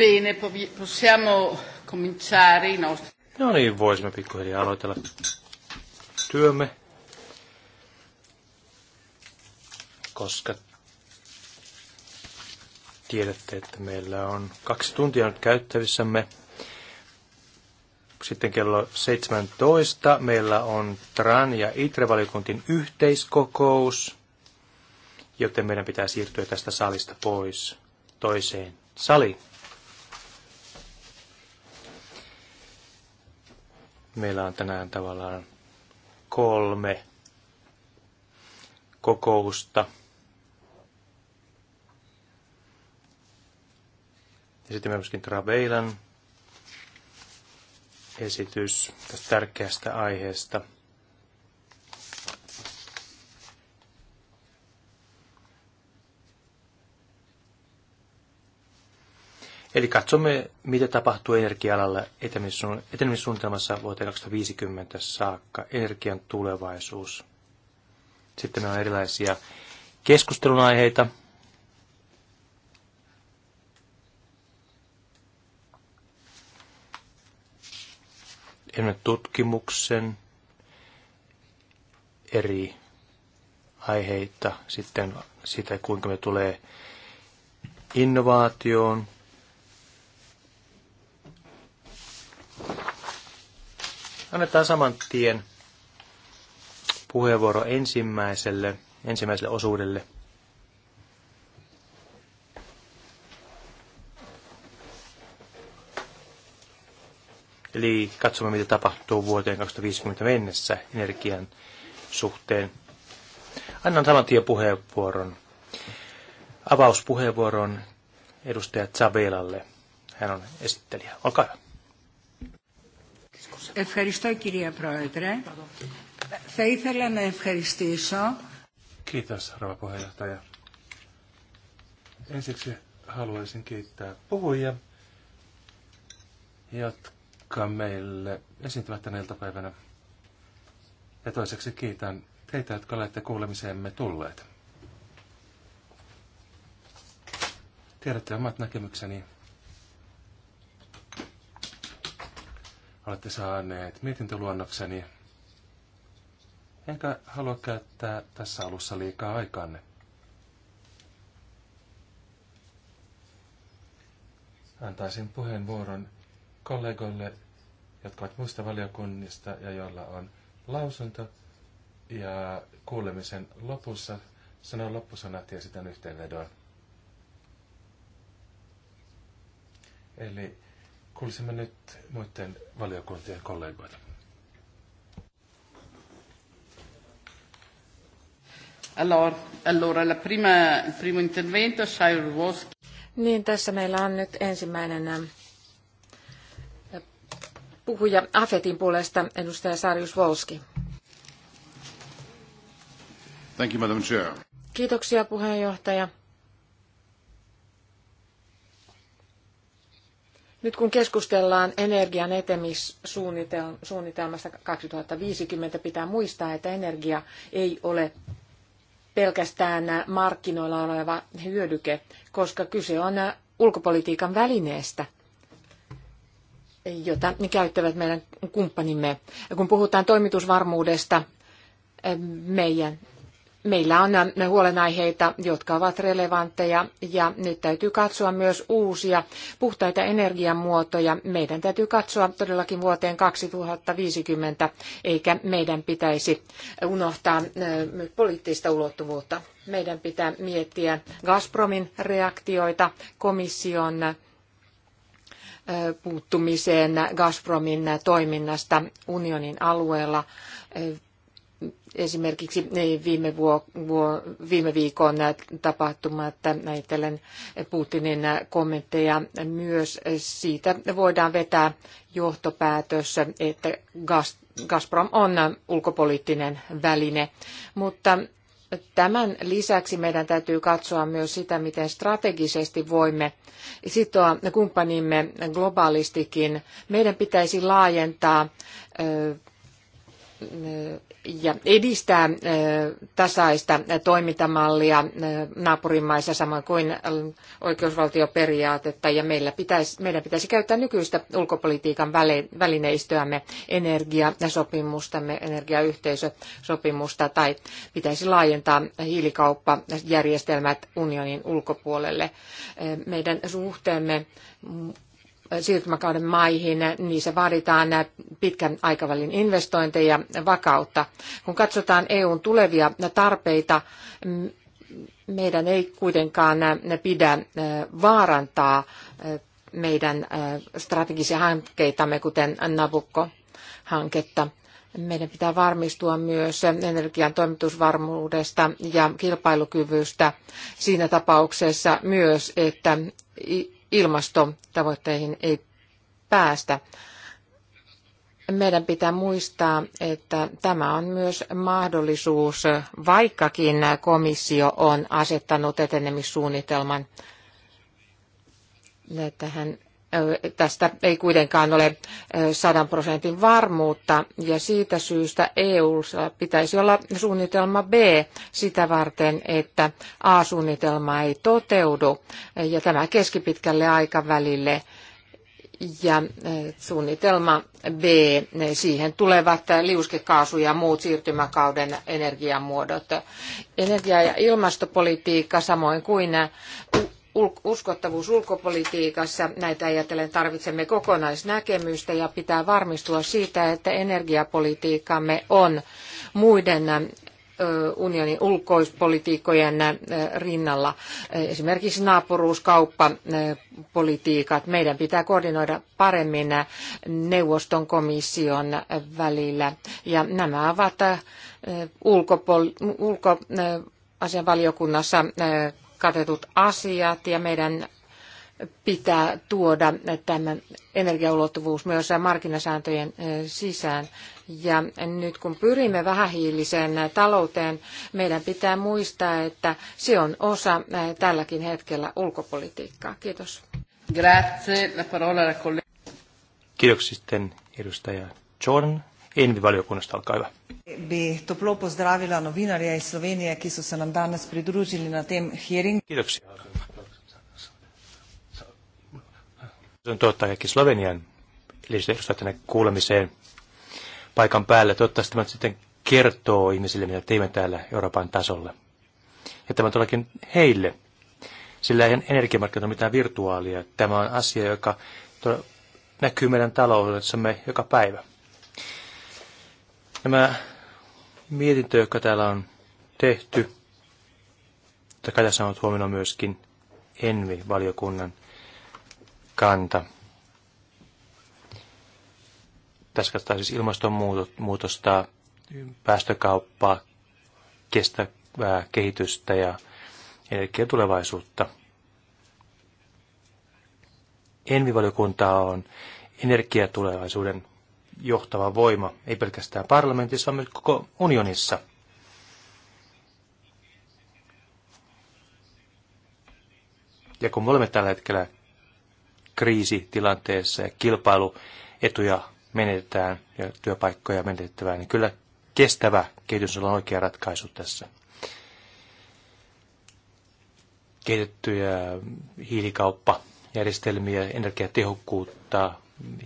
Bene, possiamo cominciare i nostri... No niin, voisimme pikkuhiljaa aloitella työmme, koska tiedätte, että meillä on kaksi tuntia nyt käyttävissämme. Sitten kello 17 meillä on TRAN ja ITRE-valiokuntin yhteiskokous, joten meidän pitää siirtyä tästä salista pois toiseen saliin. Meillä on tänään tavallaan kolme kokousta. Ja sitten myöskin Traveilan esitys tästä tärkeästä aiheesta – Eli katsomme, mitä tapahtuu energia-alalla etenemissuunnitelmassa vuoteen 2050 saakka, energian tulevaisuus. Sitten meillä on erilaisia keskustelun aiheita. Emme tutkimuksen eri aiheita, sitten sitä, kuinka me tulee innovaatioon, Annetaan saman tien puheenvuoro ensimmäiselle, ensimmäiselle osuudelle. Eli katsomme, mitä tapahtuu vuoteen 2050 mennessä energian suhteen. Annan saman tien puheenvuoron, avauspuheenvuoron edustaja Zabelalle. Hän on esittelijä. Olkaa hyvä. Ευχαριστώ κυρία Πρόεδρε. Θα ήθελα να ευχαριστήσω. Kiitos, rouva Ensiksi haluaisin kiittää puhujia, jotka meille esiintyvät tänä iltapäivänä. Ja toiseksi kiitän teitä, jotka olette kuulemiseemme tulleet. Tiedätte omat näkemykseni olette saaneet mietintöluonnokseni. Enkä halua käyttää tässä alussa liikaa aikaanne. Antaisin puheenvuoron kollegoille, jotka ovat muista valiokunnista ja joilla on lausunto. Ja kuulemisen lopussa sanon loppusanat ja sitten yhteenvedon. Eli Kuulisimme nyt muiden valiokuntien kollegoita. Allora, allora la prima, il primo intervento, Niin, tässä meillä on nyt ensimmäinen puhuja AFETin puolesta, edustaja Sarius Volski. Thank you, Madam Chair. Kiitoksia puheenjohtaja. Nyt kun keskustellaan energian etemissuunnitelmasta 2050, pitää muistaa, että energia ei ole pelkästään markkinoilla oleva hyödyke, koska kyse on ulkopolitiikan välineestä, jota me käyttävät meidän kumppanimme. Kun puhutaan toimitusvarmuudesta, eh, meidän Meillä on ähm, huolenaiheita, jotka ovat relevantteja ja nyt täytyy katsoa myös uusia puhtaita energiamuotoja. Meidän täytyy katsoa todellakin vuoteen 2050, eikä meidän pitäisi unohtaa äh, poliittista ulottuvuutta. Meidän pitää miettiä Gazpromin reaktioita komission äh, puuttumiseen Gazpromin toiminnasta unionin alueella äh, esimerkiksi viime, vuo, vuo, viime viikon tapahtumat ajatellen Putinin kommentteja myös siitä voidaan vetää johtopäätös, että Gazprom on ulkopoliittinen väline, mutta Tämän lisäksi meidän täytyy katsoa myös sitä, miten strategisesti voimme sitoa kumppanimme globaalistikin. Meidän pitäisi laajentaa ja edistää tasaista toimintamallia naapurimaissa samoin kuin oikeusvaltioperiaatetta ja meillä pitäisi, meidän pitäisi käyttää nykyistä ulkopolitiikan välineistöämme, energiasopimustamme, energiayhteisösopimusta tai pitäisi laajentaa hiilikauppajärjestelmät unionin ulkopuolelle. Meidän suhteemme siirtymäkauden maihin, niissä vaaditaan pitkän aikavälin investointeja ja vakautta. Kun katsotaan EUn tulevia tarpeita, meidän ei kuitenkaan pidä vaarantaa meidän strategisia hankkeitamme, kuten Nabucco-hanketta. Meidän pitää varmistua myös energian toimitusvarmuudesta ja kilpailukyvystä siinä tapauksessa myös, että ilmastotavoitteihin ei päästä. Meidän pitää muistaa, että tämä on myös mahdollisuus, vaikkakin komissio on asettanut etenemissuunnitelman tähän tästä ei kuitenkaan ole sadan prosentin varmuutta, ja siitä syystä EU:ssa pitäisi olla suunnitelma B sitä varten, että A-suunnitelma ei toteudu, ja tämä keskipitkälle aikavälille, ja suunnitelma B, siihen tulevat liuskekaasu ja muut siirtymäkauden energiamuodot. Energia- ja ilmastopolitiikka, samoin kuin uskottavuus ulkopolitiikassa. Näitä ajatellen tarvitsemme kokonaisnäkemystä ja pitää varmistua siitä, että energiapolitiikkamme on muiden unionin ulkoispolitiikkojen rinnalla. Esimerkiksi naapuruus, kauppapolitiikat. Meidän pitää koordinoida paremmin neuvoston komission välillä. Ja nämä ovat ulkoasianvaliokunnassa katetut asiat ja meidän pitää tuoda tämä energiaulottuvuus myös markkinasääntöjen eh, sisään. Ja nyt kun pyrimme vähähiiliseen eh, talouteen, meidän pitää muistaa, että se on osa eh, tälläkin hetkellä ulkopolitiikkaa. Kiitos. Grazie. La parola alla Kiitoksia sitten edustaja Jordan. Envi-valiokunnasta, olkaa hyvä. Bi toplo pozdravila novinarja iz Slovenije, ki so se nam danes pridružili na tem hearing. Kiitoksia. On totta kaikki Slovenian edustajat tänne kuulemiseen paikan päälle. Toivottavasti tämä sitten kertoo ihmisille, mitä teimme täällä Euroopan tasolla. Ja tämä on todellakin heille, sillä ei energiamarkkinat ole mitään virtuaalia. Tämä on asia, joka näkyy meidän taloudessamme joka päivä. Nämä mietintö, jotka täällä on tehty, tai kai tässä on huomioon myöskin Envi-valiokunnan kanta. Tässä katsotaan siis ilmastonmuutosta, päästökauppaa, kestävää kehitystä ja energiatulevaisuutta. Envivaliokunta on energiatulevaisuuden johtava voima, ei pelkästään parlamentissa, vaan myös koko unionissa. Ja kun me olemme tällä hetkellä kriisitilanteessa ja kilpailuetuja menetetään ja työpaikkoja menetettävää, niin kyllä kestävä kehitys on oikea ratkaisu tässä. Kehitettyjä hiilikauppajärjestelmiä, energiatehokkuutta,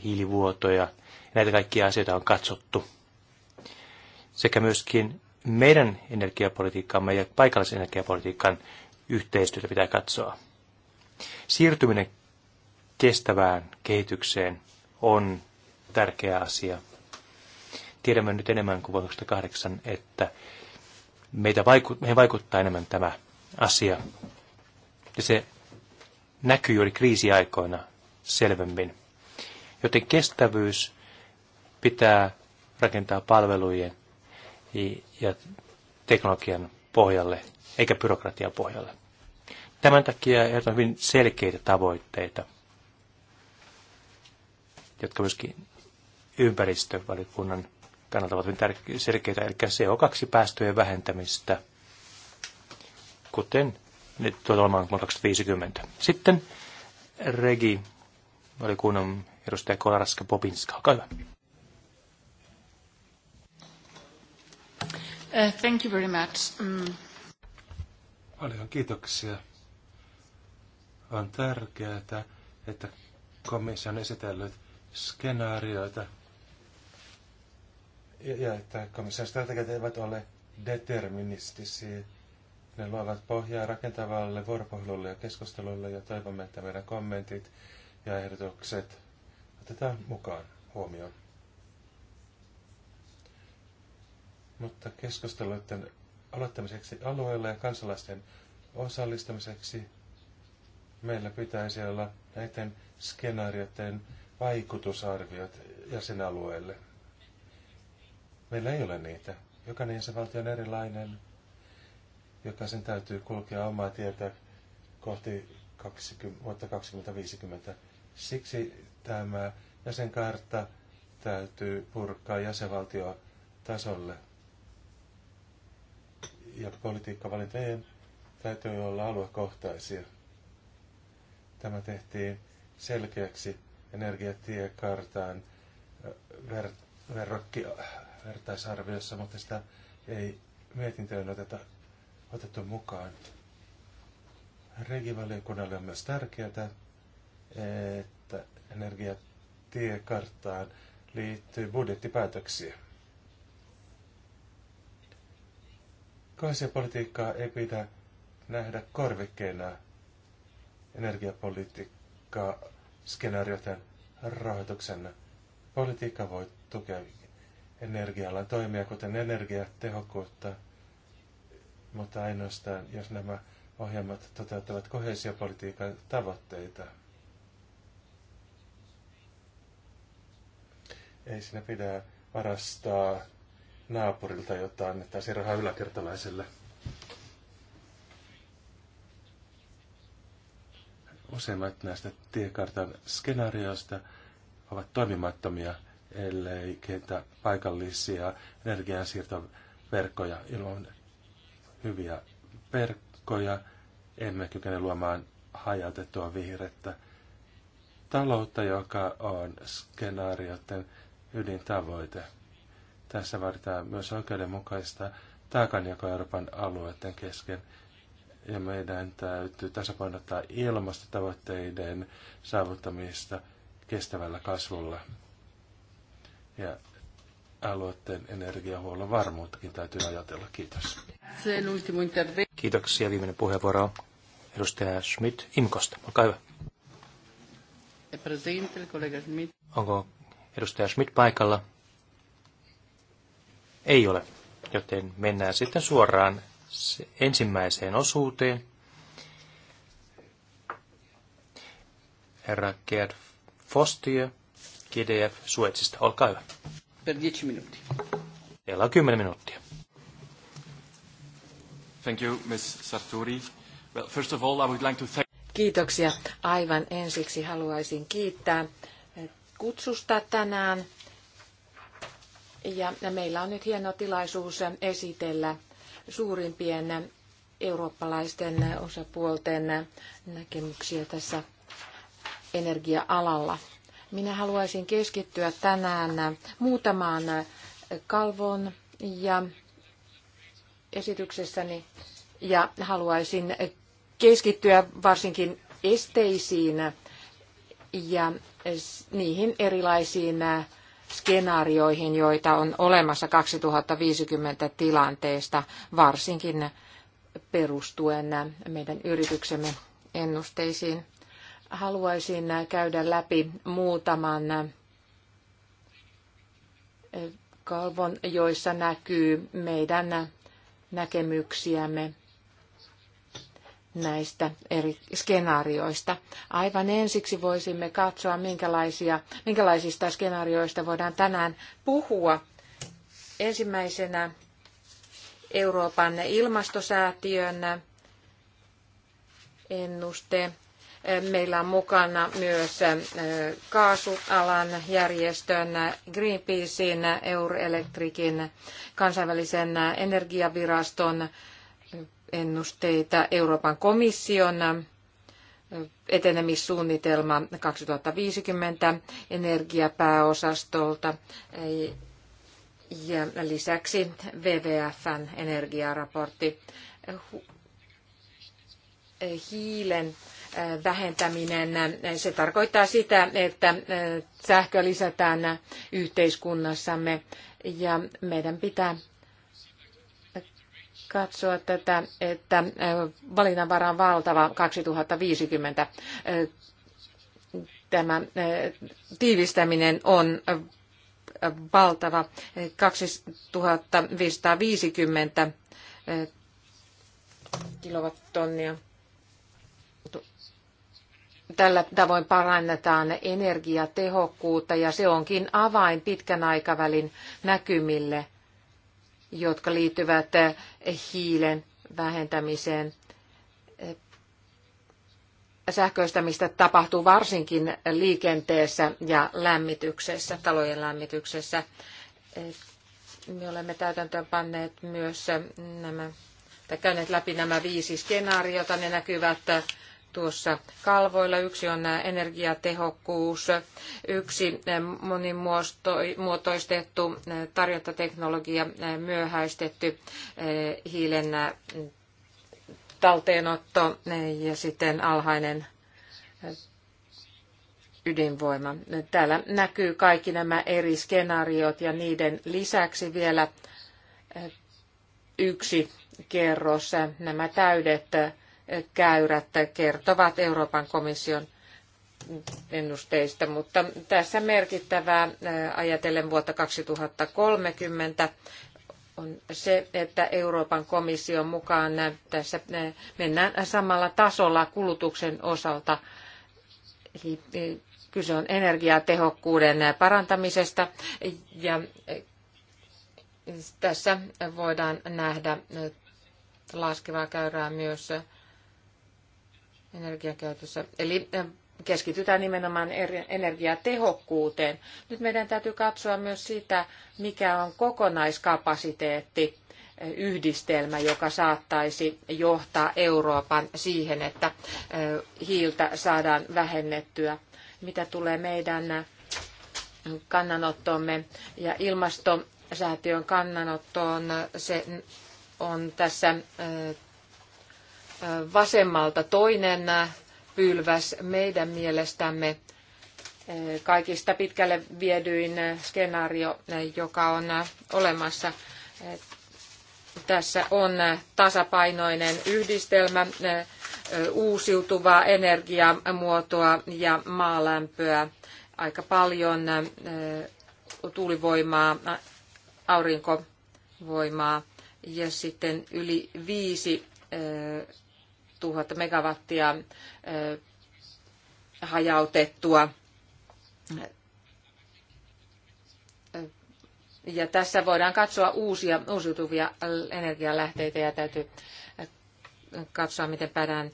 hiilivuotoja – Näitä kaikkia asioita on katsottu. Sekä myöskin meidän energiapolitiikkaamme ja paikallisen energiapolitiikan yhteistyötä pitää katsoa. Siirtyminen kestävään kehitykseen on tärkeä asia. Tiedämme nyt enemmän kuin vuonna 2008, että meitä vaiku- meihin vaikuttaa enemmän tämä asia. Ja se näkyy juuri kriisiaikoina selvemmin. Joten kestävyys pitää rakentaa palvelujen ja teknologian pohjalle, eikä byrokratian pohjalle. Tämän takia ehdotan hyvin selkeitä tavoitteita, jotka myöskin ympäristövaliokunnan kannalta ovat hyvin selkeitä, eli CO2-päästöjen vähentämistä, kuten nyt tuolla on vuonna 2050. Sitten Regi, valiokunnan edustaja Kolaraska Popinska, olkaa hyvä. Uh, thank you very much. Mm. Paljon kiitoksia. On tärkeää, että komissio on esitellyt skenaarioita ja, ja että komission strategiat eivät ole deterministisiä. Ne luovat pohjaa rakentavalle vuoropuhelulle ja keskustelulle ja toivomme, että meidän kommentit ja ehdotukset otetaan mukaan huomioon. mutta keskusteluiden aloittamiseksi alueella ja kansalaisten osallistamiseksi meillä pitäisi olla näiden skenaarioiden vaikutusarviot jäsenalueelle. Meillä ei ole niitä. Jokainen jäsenvaltio on erilainen. Jokaisen täytyy kulkea omaa tietä kohti 20, vuotta 2050. Siksi tämä jäsenkartta täytyy purkaa jäsenvaltiotasolle. tasolle ja politiikkavalintojen täytyy olla aluekohtaisia. Tämä tehtiin selkeäksi energiatiekartaan ver, verrokki vertaisarviossa, mutta sitä ei mietintöön oteta, otettu mukaan. Regivaliokunnalle on myös tärkeää, että energiatiekarttaan liittyy budjettipäätöksiä. Kohesiopolitiikkaa ei pidä nähdä korvikkeena energiapolitiikkaa skenaarioiden rahoituksen. Politiikka voi tukea energialan toimia, kuten energiatehokkuutta, mutta ainoastaan, jos nämä ohjelmat toteuttavat kohesiopolitiikan tavoitteita. Ei siinä pidä varastaa naapurilta, jotta annettaisiin rahaa yläkertalaiselle. Useimmat näistä tiekartan skenaarioista ovat toimimattomia, ellei kentä paikallisia energiansiirtoverkkoja ilman hyviä verkkoja. Emme kykene luomaan hajautettua vihrettä taloutta, joka on skenaarioiden ydintavoite. tavoite. Tässä vaaditaan myös oikeudenmukaista taakanjakoa Euroopan alueiden kesken. Ja meidän täytyy tasapainottaa ilmastotavoitteiden saavuttamista kestävällä kasvulla. Ja alueiden energiahuollon varmuuttakin täytyy ajatella. Kiitos. Kiitoksia. Viimeinen puheenvuoro edustaja Schmidt Imkosta. Olkaa hyvä. Onko edustaja Schmidt paikalla? Ei ole, joten mennään sitten suoraan ensimmäiseen osuuteen. Herra Gerd Fostio, GDF Suetsista, olkaa hyvä. Per 10 minuuttia. Teillä on 10 minuuttia. Thank you, Ms. Sartori. Well, first of all, I would like to thank... Kiitoksia. Aivan ensiksi haluaisin kiittää kutsusta tänään ja meillä on nyt hieno tilaisuus esitellä suurimpien eurooppalaisten osapuolten näkemyksiä tässä energia-alalla. Minä haluaisin keskittyä tänään muutamaan kalvoon ja esityksessäni ja haluaisin keskittyä varsinkin esteisiin ja niihin erilaisiin skenaarioihin, joita on olemassa 2050 tilanteesta, varsinkin perustuen meidän yrityksemme ennusteisiin. Haluaisin käydä läpi muutaman eh, kalvon, joissa näkyy meidän näkemyksiämme näistä eri skenaarioista. Aivan ensiksi voisimme katsoa, minkälaisia, minkälaisista skenaarioista voidaan tänään puhua. Ensimmäisenä Euroopan ilmastosäätiön ennuste. Meillä on mukana myös kaasualan järjestön, Greenpeacein, Euroelektrikin, kansainvälisen energiaviraston ennusteita Euroopan komission etenemissuunnitelma 2050 energiapääosastolta ja lisäksi WWFn energiaraportti hiilen äh, vähentäminen. Äh, se tarkoittaa sitä, että äh, sähkö lisätään yhteiskunnassamme ja meidän pitää katsoa tätä, että valinnanvara on valtava 2050. Tämä tiivistäminen on valtava 2550 kilowattonnia. Tällä tavoin parannetaan energiatehokkuutta ja se onkin avain pitkän aikavälin näkymille – jotka liittyvät hiilen vähentämiseen. Sähköistämistä tapahtuu varsinkin liikenteessä ja lämmityksessä, talojen lämmityksessä. Me olemme täytäntöön panneet myös nämä, tai käyneet läpi nämä viisi skenaariota. Ne näkyvät tuossa kalvoilla. Yksi on energiatehokkuus, yksi monimuotoistettu tarjontateknologia, myöhäistetty eh, hiilen eh, talteenotto eh, ja sitten alhainen ydinvoima. Täällä näkyy kaikki nämä eri skenaariot ja niiden lisäksi vielä yksi kerros nämä täydet käyrät kertovat Euroopan komission ennusteista, mutta tässä merkittävää ajatellen vuotta 2030 on se, että Euroopan komission mukaan tässä mennään samalla tasolla kulutuksen osalta. Eli kyse on energiatehokkuuden parantamisesta ja tässä voidaan nähdä laskevaa käyrää myös energiakäytössä. Eli eh, keskitytään nimenomaan energiatehokkuuteen. Nyt meidän täytyy katsoa myös sitä, mikä on kokonaiskapasiteetti eh, yhdistelmä, joka saattaisi johtaa Euroopan siihen, että eh, hiiltä saadaan vähennettyä. Mitä tulee meidän kannanottomme ja ilmastosäätiön kannanottoon, se on tässä vasemmalta toinen pylväs meidän mielestämme kaikista pitkälle viedyin skenaario, joka on olemassa. Tässä on tasapainoinen yhdistelmä uusiutuvaa energiamuotoa ja maalämpöä, aika paljon tuulivoimaa, aurinkovoimaa ja sitten yli viisi 000 megawattia hajautettua. Ja tässä voidaan katsoa uusia uusiutuvia energialähteitä ja täytyy katsoa, miten päädään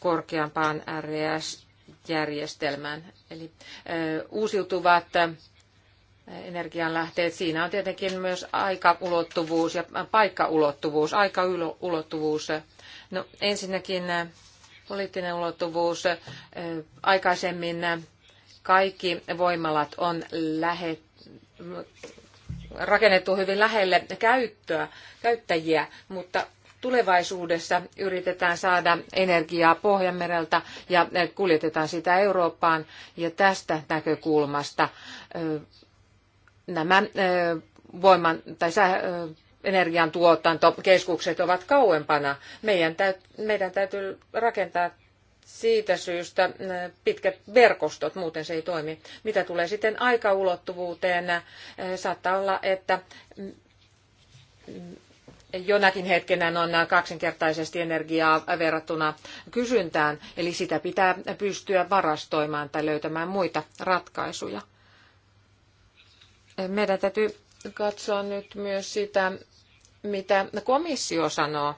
korkeampaan RES-järjestelmään. Eli uusiutuvat energianlähteet, siinä on tietenkin myös aikaulottuvuus ja paikkaulottuvuus, aikaulottuvuus No ensinnäkin äh, poliittinen ulottuvuus. Äh, aikaisemmin äh, kaikki voimalat on lähe, rakennettu hyvin lähelle käyttöä, käyttäjiä, mutta tulevaisuudessa yritetään saada energiaa Pohjanmereltä ja kuljetetaan sitä Eurooppaan. Ja tästä näkökulmasta nämä voiman, tai energiantuotantokeskukset ovat kauempana. Meidän, täyt, meidän täytyy rakentaa siitä syystä äh, pitkät verkostot, muuten se ei toimi. Mitä tulee sitten aikaulottuvuuteen, äh, saattaa olla, että mm, jonakin hetkenä on kaksinkertaisesti energiaa verrattuna kysyntään, eli sitä pitää pystyä varastoimaan tai löytämään muita ratkaisuja. Meidän täytyy katsoa nyt myös sitä, mitä komissio sanoo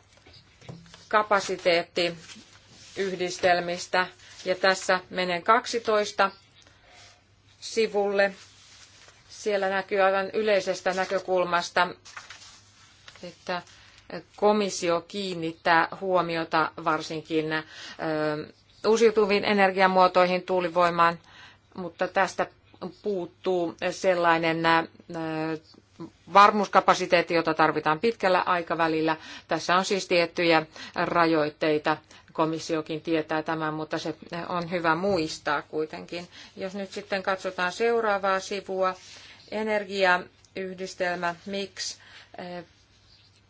kapasiteettiyhdistelmistä. Ja tässä menen 12 sivulle. Siellä näkyy aivan yleisestä näkökulmasta, että komissio kiinnittää huomiota varsinkin uusiutuviin energiamuotoihin, tuulivoimaan, mutta tästä puuttuu sellainen varmuuskapasiteetti, jota tarvitaan pitkällä aikavälillä. Tässä on siis tiettyjä rajoitteita. Komissiokin tietää tämän, mutta se on hyvä muistaa kuitenkin. Jos nyt sitten katsotaan seuraavaa sivua, energiayhdistelmä, miksi eh,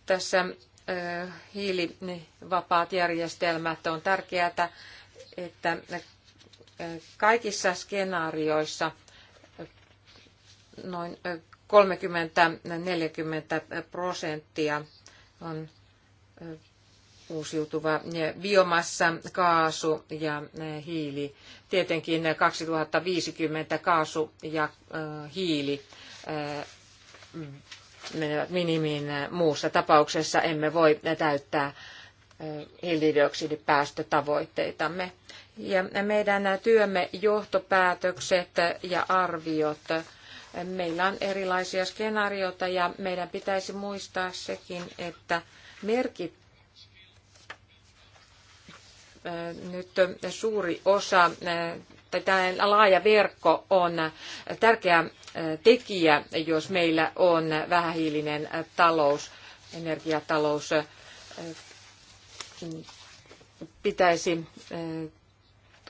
tässä eh, hiilivapaat järjestelmät on tärkeää, että eh, kaikissa skenaarioissa noin 30-40 prosenttia on uusiutuva biomassa, kaasu ja hiili. Tietenkin 2050 kaasu ja hiili menevät minimiin. Muussa tapauksessa emme voi täyttää hiilidioksidipäästötavoitteitamme. Ja meidän työmme johtopäätökset ja arviot Meillä on erilaisia skenaarioita ja meidän pitäisi muistaa sekin, että merkit äh, nyt suuri osa äh, tai tämä laaja verkko on tärkeä äh, tekijä, jos meillä on vähähiilinen talous, energiatalous. Pitäisi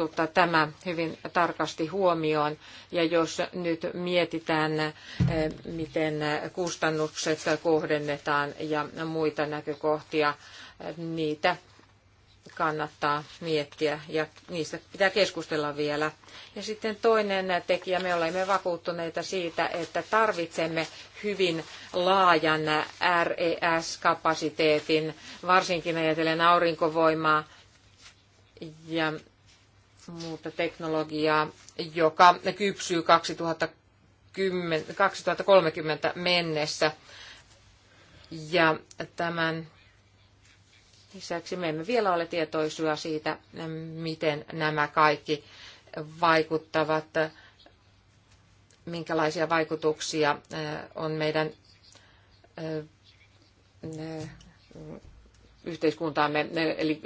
tota, tämä hyvin tarkasti huomioon. Ja jos nyt mietitään, eh, miten kustannukset kohdennetaan ja muita näkökohtia, eh, niitä kannattaa miettiä ja niistä pitää keskustella vielä. Ja sitten toinen tekijä, me olemme vakuuttuneita siitä, että tarvitsemme hyvin laajan RES-kapasiteetin, varsinkin ajatellen aurinkovoimaa ja muuta teknologiaa, joka kypsyy 2010, 2030 mennessä. Ja tämän lisäksi me emme vielä ole tietoisia siitä, miten nämä kaikki vaikuttavat, minkälaisia vaikutuksia äh, on meidän äh, äh, yhteiskuntaamme, eli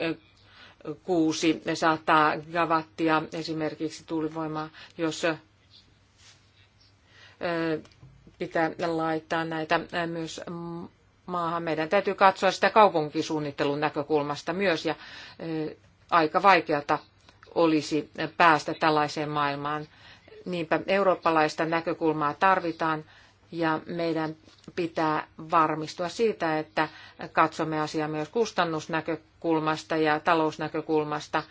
kuusi saattaa gigawattia esimerkiksi tuulivoimaa, jos pitää laittaa näitä myös maahan. Meidän täytyy katsoa sitä kaupunkisuunnittelun näkökulmasta myös ja aika vaikeata olisi päästä tällaiseen maailmaan. Niinpä eurooppalaista näkökulmaa tarvitaan ja meidän pitää varmistua siitä, että katsomme asiaa myös kustannusnäkökulmasta ja talousnäkökulmasta.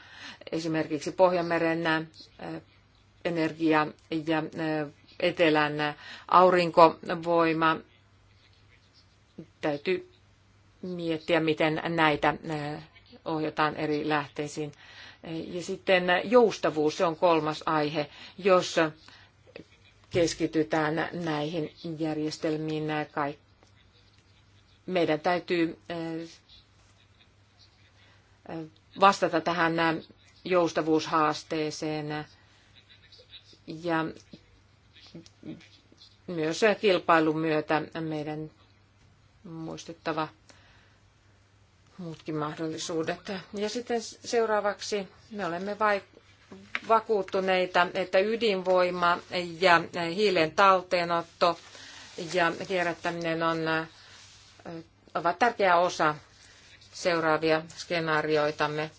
Esimerkiksi Pohjanmeren energia ja etelän aurinkovoima. Täytyy miettiä, miten näitä ohjataan eri lähteisiin. Ja sitten joustavuus, se on kolmas aihe. Jos keskitytään näihin järjestelmiin. Meidän täytyy eh, vastata tähän joustavuushaasteeseen ja myös kilpailun myötä meidän muistettava muutkin mahdollisuudet. Ja sitten seuraavaksi me olemme vaik- vakuuttuneita, että ydinvoima ja hiilen talteenotto ja kierrättäminen on, ovat tärkeä osa seuraavia skenaarioitamme.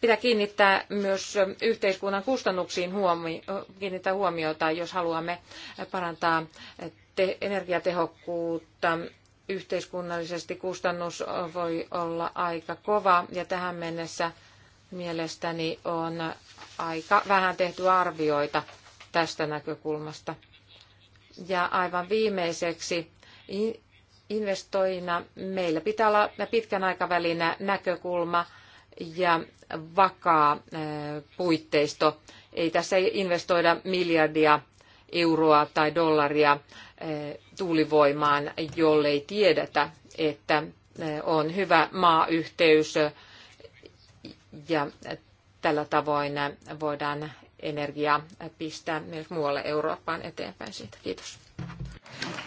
Pitää kiinnittää myös yhteiskunnan kustannuksiin huomi- kiinnittää huomiota, jos haluamme parantaa energiatehokkuutta yhteiskunnallisesti kustannus voi olla aika kova ja tähän mennessä mielestäni on aika vähän tehty arvioita tästä näkökulmasta. Ja aivan viimeiseksi investoina meillä pitää olla pitkän aikavälin näkökulma ja vakaa puitteisto. Ei tässä investoida miljardia euroa tai dollaria Eh, tuulivoimaan, jollei tiedetä, että eh, on hyvä maayhteys eh, ja tällä tavoin voidaan energiaa pistää myös muualle Eurooppaan eteenpäin siitä. Kiitos.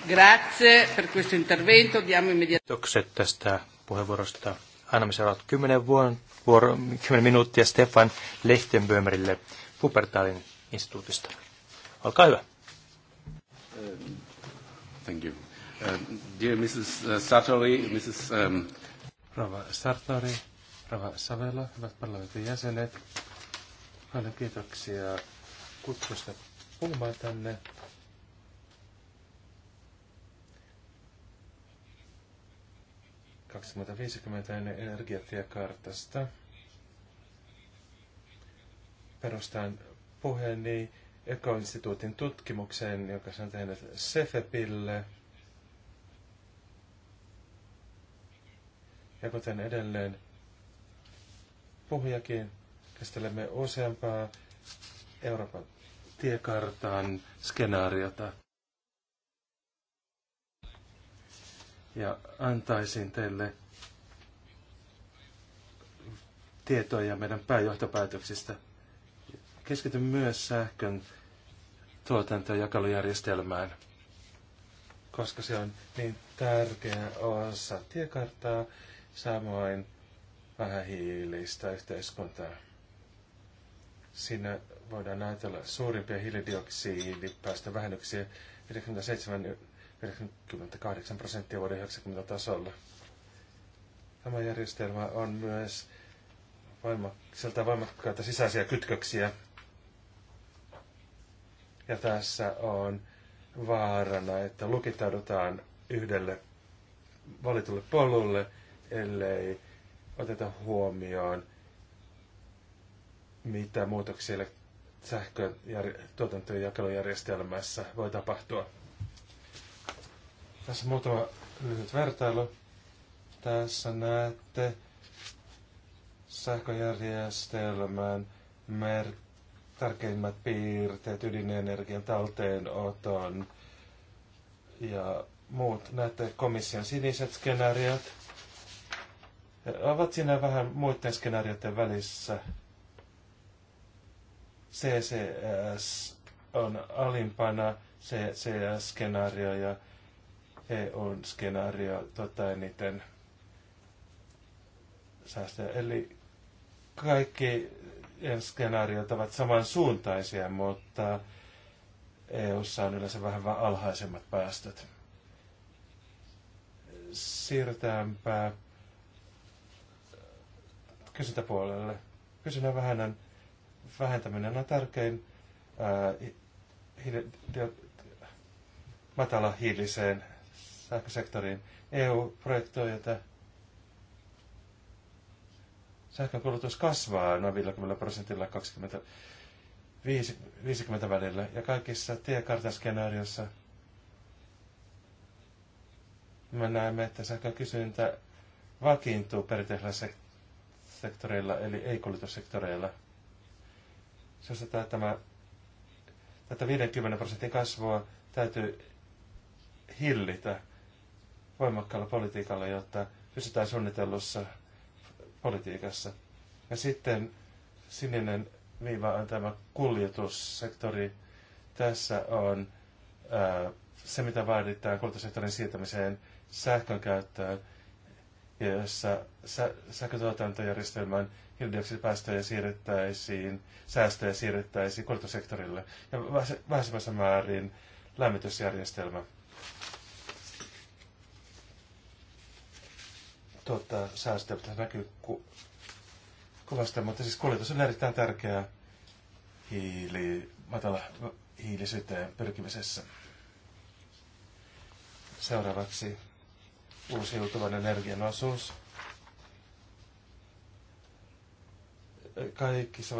Grazie per questo intervento. Diamo immediatamente. tästä puheenvuorosta. Annamme seuraavat 10, vuor- vuor- 10 minuuttia Stefan Lechtenböhmerille Pupertalin instituutista. Olkaa hyvä. Thank you. Uh, dear Mrs. Uh, Sartori, Mrs. Um, Rova Sartori, Rova Savela, hyvät parlamentin jäsenet. Paljon kiitoksia kutsusta puhumaan tänne. ennen energiatiekartasta. Perustan puheeni Ekoinstituutin tutkimukseen, jonka se on tehnyt Sefepille. Ja kuten edelleen puhujakin, käsittelemme useampaa Euroopan tiekartan skenaariota. Ja antaisin teille tietoja meidän pääjohtopäätöksistä keskityn myös sähkön tuotanto- ja jakelujärjestelmään, koska se on niin tärkeä osa tiekarttaa, samoin vähähiilistä yhteiskuntaa. Siinä voidaan ajatella suurimpia hiilidioksidipäästövähennyksiä 97-98 prosenttia vuoden 90 tasolla. Tämä järjestelmä on myös voimakkaita sisäisiä kytköksiä ja tässä on vaarana, että lukitaudutaan yhdelle valitulle polulle, ellei oteta huomioon, mitä muutoksia sähkön tuotanto- ja jakelujärjestelmässä voi tapahtua. Tässä muutama lyhyt vertailu. Tässä näette sähköjärjestelmän merkki tärkeimmät piirteet, ydinenergian talteenoton ja muut. Näette komission siniset skenaariot. Ovat siinä vähän muiden skenaarioiden välissä. CCS on alimpana CCS-skenaario ja eu skenaario tota eniten säästöjä. Eli kaikki skenaariot ovat samansuuntaisia, mutta EU:ssa on yleensä vähän vain alhaisemmat päästöt. Siirrytäänpä kysyntäpuolelle. Kysynnän vähennän, vähentäminen on tärkein ää, hiili, dio, matala hiiliseen sähkösektoriin. EU projektoi, että sähkönkulutus kasvaa noin 50 prosentilla 20, 50 välillä ja kaikissa tiekartan skenaariossa me näemme, että sähkön kysyntä vakiintuu perinteisellä sektoreilla, eli ei-kulutussektoreilla. Se että tämä, tätä 50 prosentin kasvua täytyy hillitä voimakkaalla politiikalla, jotta pysytään suunnitellussa politiikassa. Ja sitten sininen viiva on tämä kuljetussektori. Tässä on ää, äh, se, mitä vaaditaan kuljetussektorin siirtämiseen sähkön käyttöön, jossa sä, sähkötuotantojärjestelmän hiilidioksidipäästöjä siirrettäisiin, säästöjä siirrettäisiin kuljetussektorille ja vähäisemmässä määrin lämmitysjärjestelmä tuottaa säästöä, mutta se näkyy ku, kovasti. Mutta siis kuljetus on erittäin tärkeää hiili, matala hiilisyyteen pyrkimisessä. Seuraavaksi uusiutuvan energian osuus. Kaikissa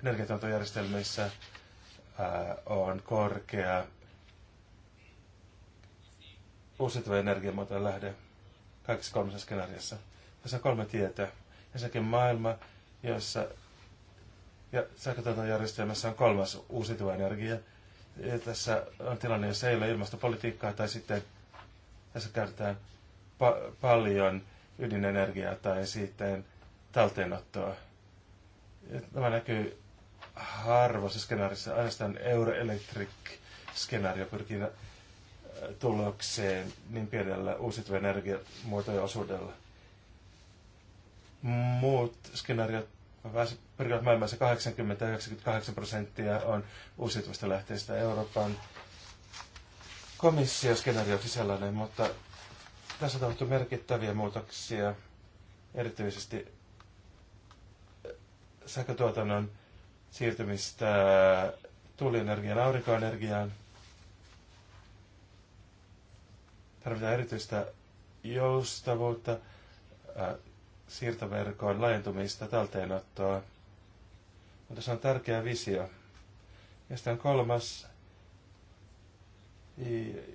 energiatuotantojärjestelmissä on korkea uusiutuvan energiamuotojen lähde kaikissa kolmessa skenaariossa. Tässä on kolme tietä. Ensinnäkin maailma, jossa ja sähkötuotantojärjestelmässä on kolmas uusiutuva energia. Ja tässä on tilanne, jossa ei ole ilmastopolitiikkaa tai sitten tässä käytetään pa- paljon ydinenergiaa tai sitten talteenottoa. Ja tämä näkyy harvassa skenaarissa. Ainoastaan Euroelectric-skenaario pyrkii tulokseen niin pienellä uusiutuvan energiamuotojen osuudella. Muut skenaariot pyrkivät maailmassa 80-98 prosenttia on uusiutuvista lähteistä Euroopan komissio skenaarioksi sellainen, mutta tässä tullut merkittäviä muutoksia, erityisesti sähkötuotannon siirtymistä tuulienergian aurinkoenergiaan, Tarvitaan erityistä joustavuutta, siirtoverkon laajentumista, talteenottoa. Mutta se on tärkeä visio. Ja sitten kolmas,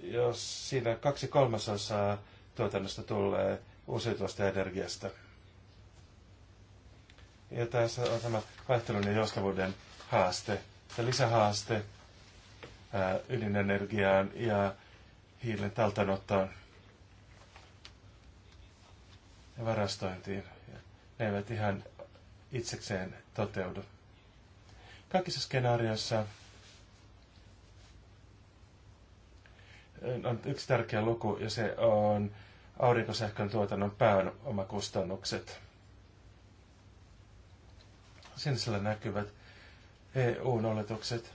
jos siinä kaksi kolmasosaa tuotannosta tulee uusiutuvasta energiasta. Ja tässä on tämä vaihtelun ja joustavuuden haaste tämä lisähaaste ydinenergiaan ja hiilen taltanottoon ja varastointiin. Ne eivät ihan itsekseen toteudu. Kaikissa skenaarioissa on yksi tärkeä luku, ja se on aurinkosähkön tuotannon pääomakustannukset. Sinisellä näkyvät eu oletukset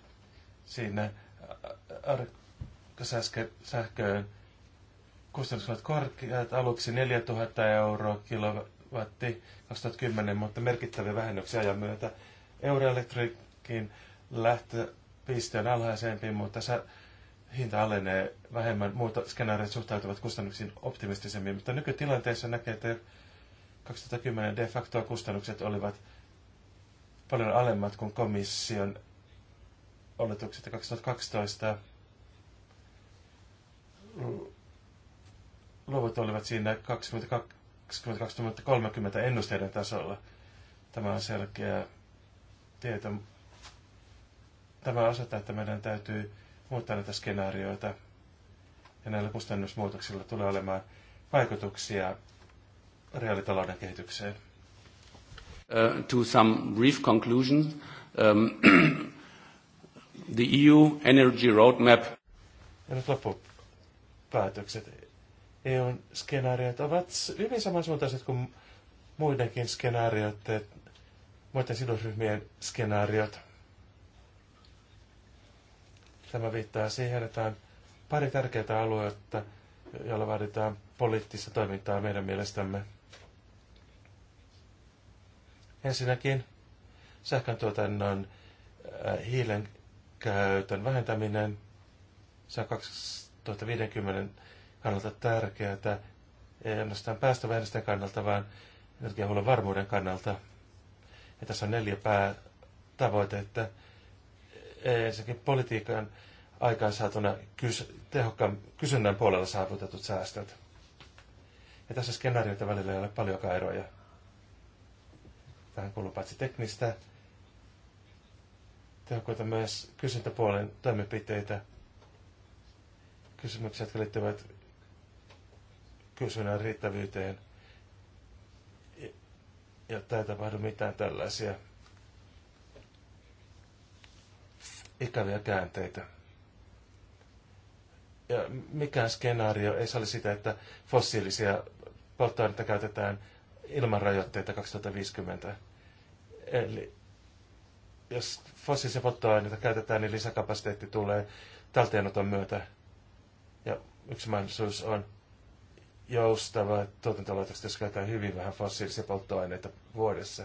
siinä sähköön. Kustannukset ovat korkeat, aluksi 4000 euroa kilowatti 2010, mutta merkittäviä vähennyksiä ajan myötä. Euroelektriikin lähtöpiste on alhaisempi, mutta sä, hinta alenee vähemmän. Muut skenaariot suhtautuvat kustannuksiin optimistisemmin, mutta nykytilanteessa näkee, että 2010 de facto kustannukset olivat paljon alemmat kuin komission oletukset. 2012 luvut olivat siinä 2020-2030 ennusteiden tasolla. Tämä on selkeä tieto. Tämä osoittaa, että meidän täytyy muuttaa näitä skenaarioita. Ja näillä kustannusmuutoksilla tulee olemaan vaikutuksia reaalitalouden kehitykseen. Uh, to some brief conclusion, um, the EU Energy Roadmap. Ja nyt päätökset. EUn skenaariot ovat hyvin samansuuntaiset kuin muidenkin skenaariot, muiden sidosryhmien skenaariot. Tämä viittaa siihen, että on pari tärkeää aluetta, joilla vaaditaan poliittista toimintaa meidän mielestämme. Ensinnäkin tuotannon äh, hiilen käytön vähentäminen. Se on 2050 kannalta tärkeää, ei ainoastaan päästövähennysten kannalta, vaan energiahuollon varmuuden kannalta. Ja tässä on neljä että Ensinnäkin politiikan aikaansaatuna kys- tehokkaan kysynnän puolella saavutetut säästöt. Ja tässä skenaarioiden välillä ei ole paljonkaan eroja. Tähän kuuluu paitsi teknistä tehokkuutta myös kysyntäpuolen toimenpiteitä – kysymyksiä, jotka liittyvät kysynnän riittävyyteen, tämä ei tapahdu mitään tällaisia ikäviä käänteitä. Ja mikään skenaario ei salli sitä, että fossiilisia polttoaineita käytetään ilman rajoitteita 2050. Eli jos fossiilisia polttoaineita käytetään, niin lisäkapasiteetti tulee talteenoton myötä Yksi mahdollisuus on joustava tuotantolaitokset, jos käytetään hyvin vähän fossiilisia polttoaineita vuodessa.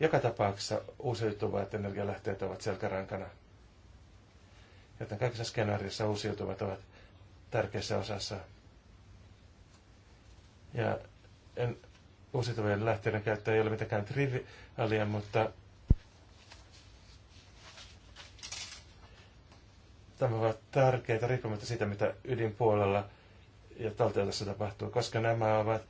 Joka tapauksessa uusiutuvat energialähteet ovat selkärankana. Joten kaikissa skenaarioissa uusiutuvat ovat tärkeässä osassa. Ja en, uusiutuvien lähteiden käyttö ei ole mitenkään triviaalia, mutta Tämä ovat tärkeitä riippumatta siitä, mitä ydinpuolella ja taltiotossa tapahtuu, koska nämä ovat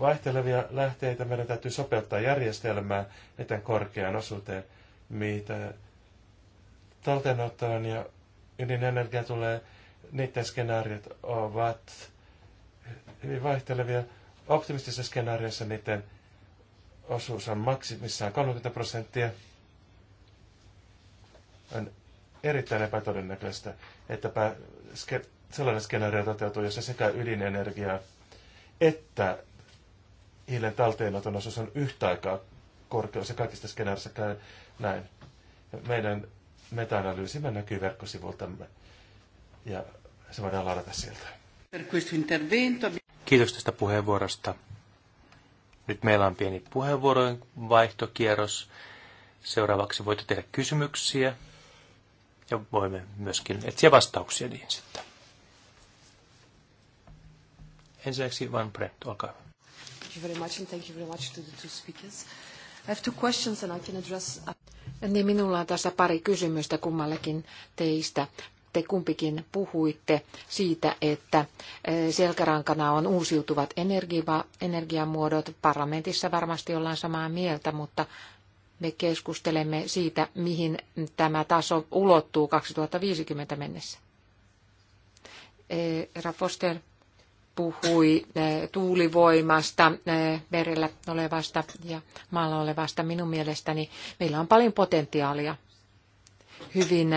vaihtelevia lähteitä. Meidän täytyy sopeuttaa järjestelmää eten korkeaan osuuteen, mitä talteenottoon ja ydinenergia tulee. Niiden skenaariot ovat hyvin vaihtelevia. Optimistisessa skenaariossa niiden osuus on maksimissaan 30 prosenttia. On erittäin epätodennäköistä, että sellainen skenaario toteutuu, jossa sekä ydinenergia että hiilen talteenoton osuus on yhtä aikaa korkeus ja kaikista skenaarissa käy näin. Meidän meta-analyysimme näkyy verkkosivultamme ja se voidaan ladata sieltä. Kiitos tästä puheenvuorosta. Nyt meillä on pieni puheenvuorojen vaihtokierros. Seuraavaksi voitte tehdä kysymyksiä ja voimme myöskin etsiä vastauksia niihin sitten. Ensinnäksi Van Brent, olkaa hyvä. Thank you very much and thank you very much to the two speakers. I have two questions and I can address... Niin minulla on tässä pari kysymystä kummallekin teistä. Te kumpikin puhuitte siitä, että e, selkärankana on uusiutuvat energia, energiamuodot. Parlamentissa varmasti ollaan samaa mieltä, mutta me keskustelemme siitä, mihin tämä taso ulottuu 2050 mennessä. Eh, Foster puhui eh, tuulivoimasta, eh, merellä olevasta ja maalla olevasta. Minun mielestäni meillä on paljon potentiaalia hyvin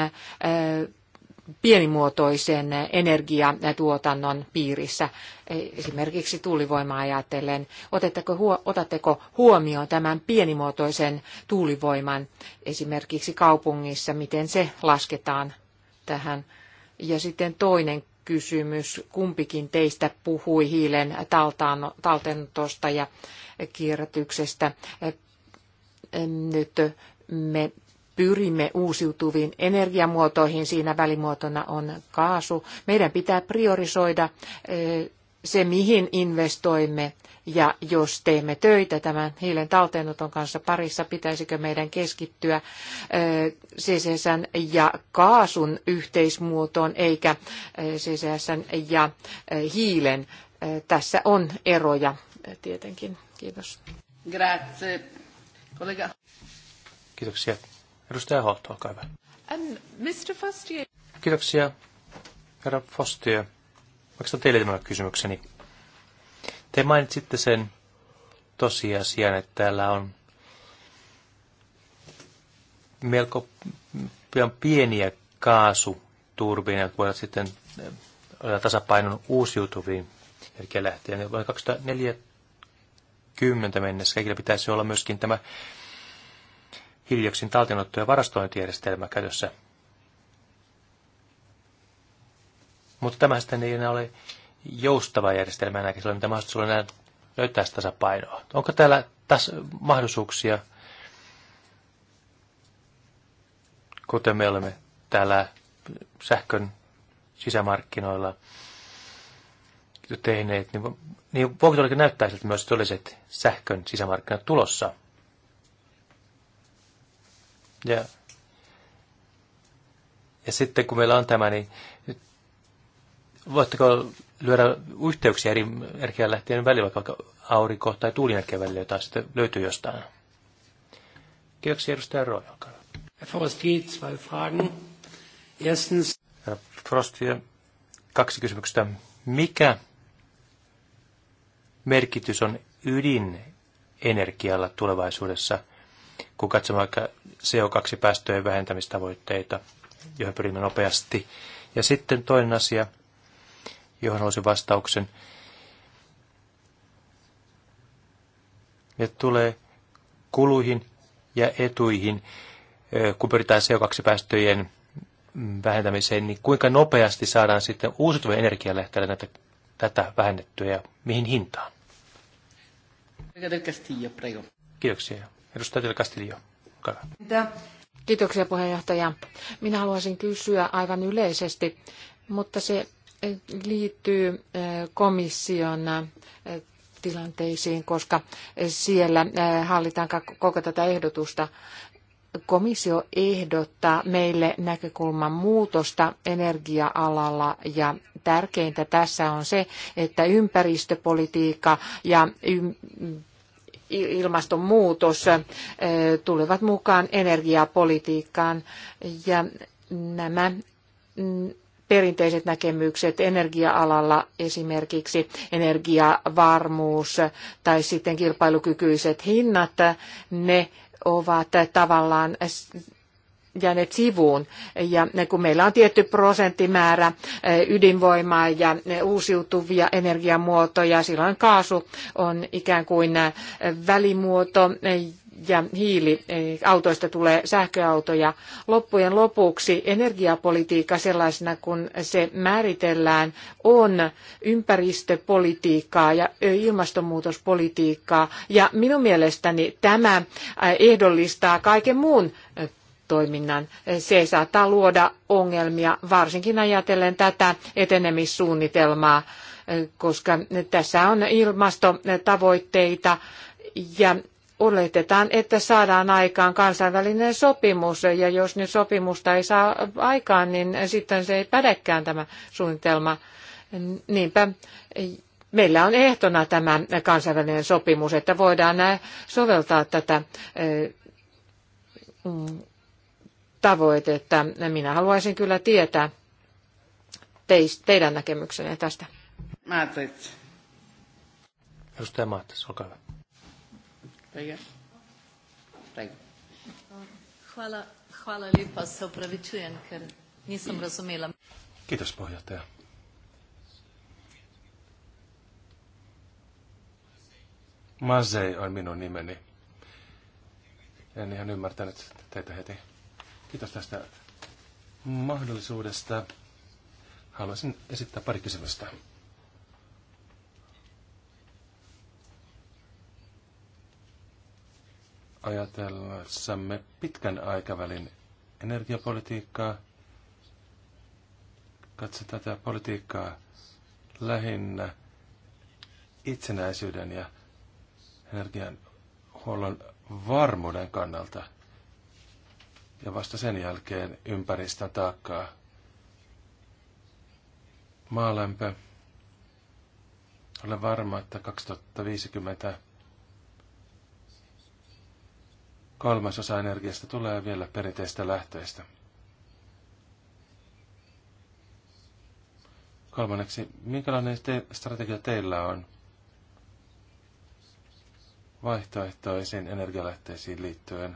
pienimuotoisen energiatuotannon piirissä, esimerkiksi tuulivoimaa ajatellen. Otetteko, otatteko huomioon tämän pienimuotoisen tuulivoiman esimerkiksi kaupungissa, miten se lasketaan tähän? Ja sitten toinen kysymys. Kumpikin teistä puhui hiilen talteenotosta ja kierrätyksestä. Nyt me pyrimme uusiutuviin energiamuotoihin, siinä välimuotona on kaasu. Meidän pitää priorisoida se, mihin investoimme ja jos teemme töitä tämän hiilen talteenoton kanssa parissa, pitäisikö meidän keskittyä CCSn ja kaasun yhteismuotoon eikä CCSn ja hiilen. Tässä on eroja tietenkin. Kiitos. Grazie. Kollega. Kiitoksia. Edustaja Holt, olkaa hyvä. And um, Mr. Fostier. Kiitoksia, herra Fostier. Vaikka teille tämä kysymykseni. Te mainitsitte sen tosiasian, että täällä on melko pieniä kaasuturbiineja, jotka voivat sitten eh, olla tasapainon uusiutuviin energialähteen. Vuonna 2040 mennessä kaikilla pitäisi olla myöskin tämä hiilidioksin talteenotto- ja varastointijärjestelmä käytössä. Mutta tämä sitten ei enää ole joustava järjestelmä enää, se on mitä mahdollisuus enää löytää sitä tasapainoa. Onko täällä taas mahdollisuuksia, kuten me olemme täällä sähkön sisämarkkinoilla tehneet, niin, niin voiko näyttää siltä myös todelliset sähkön sisämarkkinat tulossa – ja, ja sitten kun meillä on tämä, niin voitteko lyödä yhteyksiä eri energialähtien välillä, vaikka aurinko- tai tuulienergian välillä, jota sitten löytyy jostain? Kiitoksia edustaja Roy, olkaa hyvä. zwei Fragen. Erstens... Herra kaksi kysymystä. Mikä merkitys on ydinenergialla tulevaisuudessa – kun katsomme vaikka CO2-päästöjen vähentämistavoitteita, joihin pyrimme nopeasti. Ja sitten toinen asia, johon haluaisin vastauksen. Ne tulee kuluihin ja etuihin, kun pyritään CO2-päästöjen vähentämiseen, niin kuinka nopeasti saadaan sitten uusiutuvien energialähteellä näitä, tätä vähennettyä ja mihin hintaan? Kiitoksia. Edustaja Del Kiitoksia puheenjohtaja. Minä haluaisin kysyä aivan yleisesti, mutta se eh, liittyy eh, komission eh, tilanteisiin, koska siellä hallitaan koko tätä ehdotusta. Komissio ehdottaa meille näkökulman muutosta energia-alalla ja tärkeintä tässä on se, että ympäristöpolitiikka ja ilmastonmuutos eh, tulevat mukaan energiapolitiikkaan ja nämä mm, perinteiset näkemykset energia-alalla esimerkiksi energiavarmuus tai sitten kilpailukykyiset hinnat, ne ovat tavallaan jääneet sivuun. Ja kun meillä on tietty prosenttimäärä eh, ydinvoimaa ja eh, uusiutuvia energiamuotoja, silloin kaasu on ikään kuin eh, välimuoto ja hiili, autoista tulee sähköautoja. Loppujen lopuksi energiapolitiikka sellaisena kuin se määritellään on ympäristöpolitiikkaa ja ilmastonmuutospolitiikkaa ja minun mielestäni tämä ehdollistaa kaiken muun toiminnan. Se saattaa luoda ongelmia, varsinkin ajatellen tätä etenemissuunnitelmaa, koska tässä on ilmastotavoitteita ja oletetaan, että saadaan aikaan kansainvälinen sopimus, ja jos nyt sopimusta ei saa aikaan, niin sitten se ei pädekään tämä suunnitelma. Niinpä meillä on ehtona tämä kansainvälinen sopimus, että voidaan soveltaa tätä tavoitetta. Minä haluaisin kyllä tietää teis, teidän näkemyksenne tästä. Maatit. Edustaja Maattis, olkaa hyvä. Tega. Tega. Hvala, hvala lepa, se opravičujem, ker nisam razumela. Kiitos puheenjohtaja. Masei on minun nimeni. En ihan ymmärtänyt teitä heti. Kiitos tästä mahdollisuudesta. Haluaisin esittää pari kysymystä. Ajatellessamme pitkän aikavälin energiapolitiikkaa, katso tätä politiikkaa lähinnä itsenäisyyden ja energian huollon varmuuden kannalta – ja vasta sen jälkeen ympäristä taakkaa. Maalämpö. Olen varma, että 2050 kolmasosa energiasta tulee vielä perinteistä lähteistä. Kolmanneksi, minkälainen te- strategia teillä on vaihtoehtoisiin energialähteisiin liittyen?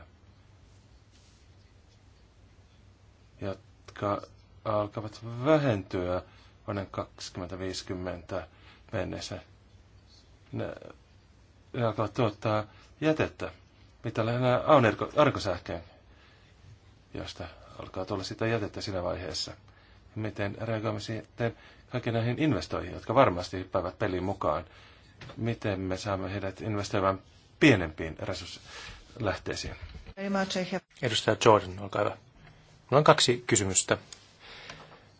jotka alkavat vähentyä vuoden 2050 mennessä. Ne, ne alkavat tuottaa jätettä, mitä lähinnä on arkosähkeen, josta alkaa tulla sitä jätettä siinä vaiheessa. Miten reagoimme sitten kaikki näihin investoihin, jotka varmasti hyppäävät peliin mukaan. Miten me saamme heidät investoimaan pienempiin resurssilähteisiin? Edustaja Jordan, olkaa hyvä. Minulla on kaksi kysymystä.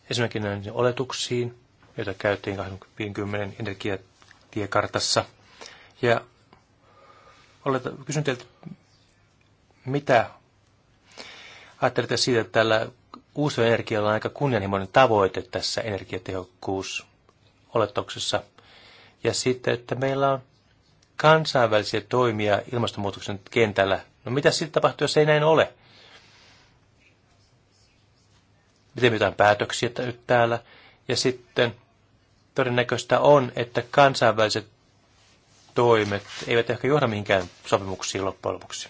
Ensinnäkin näihin oletuksiin, joita käytiin 20 energiatiekartassa. Ja oleta, kysyn teiltä, mitä ajattelette siitä, että tällä uusiutuvalla energialla on aika kunnianhimoinen tavoite tässä energiatehokkuusoletuksessa. Ja sitten, että meillä on kansainvälisiä toimia ilmastonmuutoksen kentällä. No mitä sitten tapahtuu, jos ei näin ole? me teemme jotain päätöksiä täällä, ja sitten todennäköistä on, että kansainväliset toimet eivät ehkä johda mihinkään sopimuksiin loppujen lopuksi.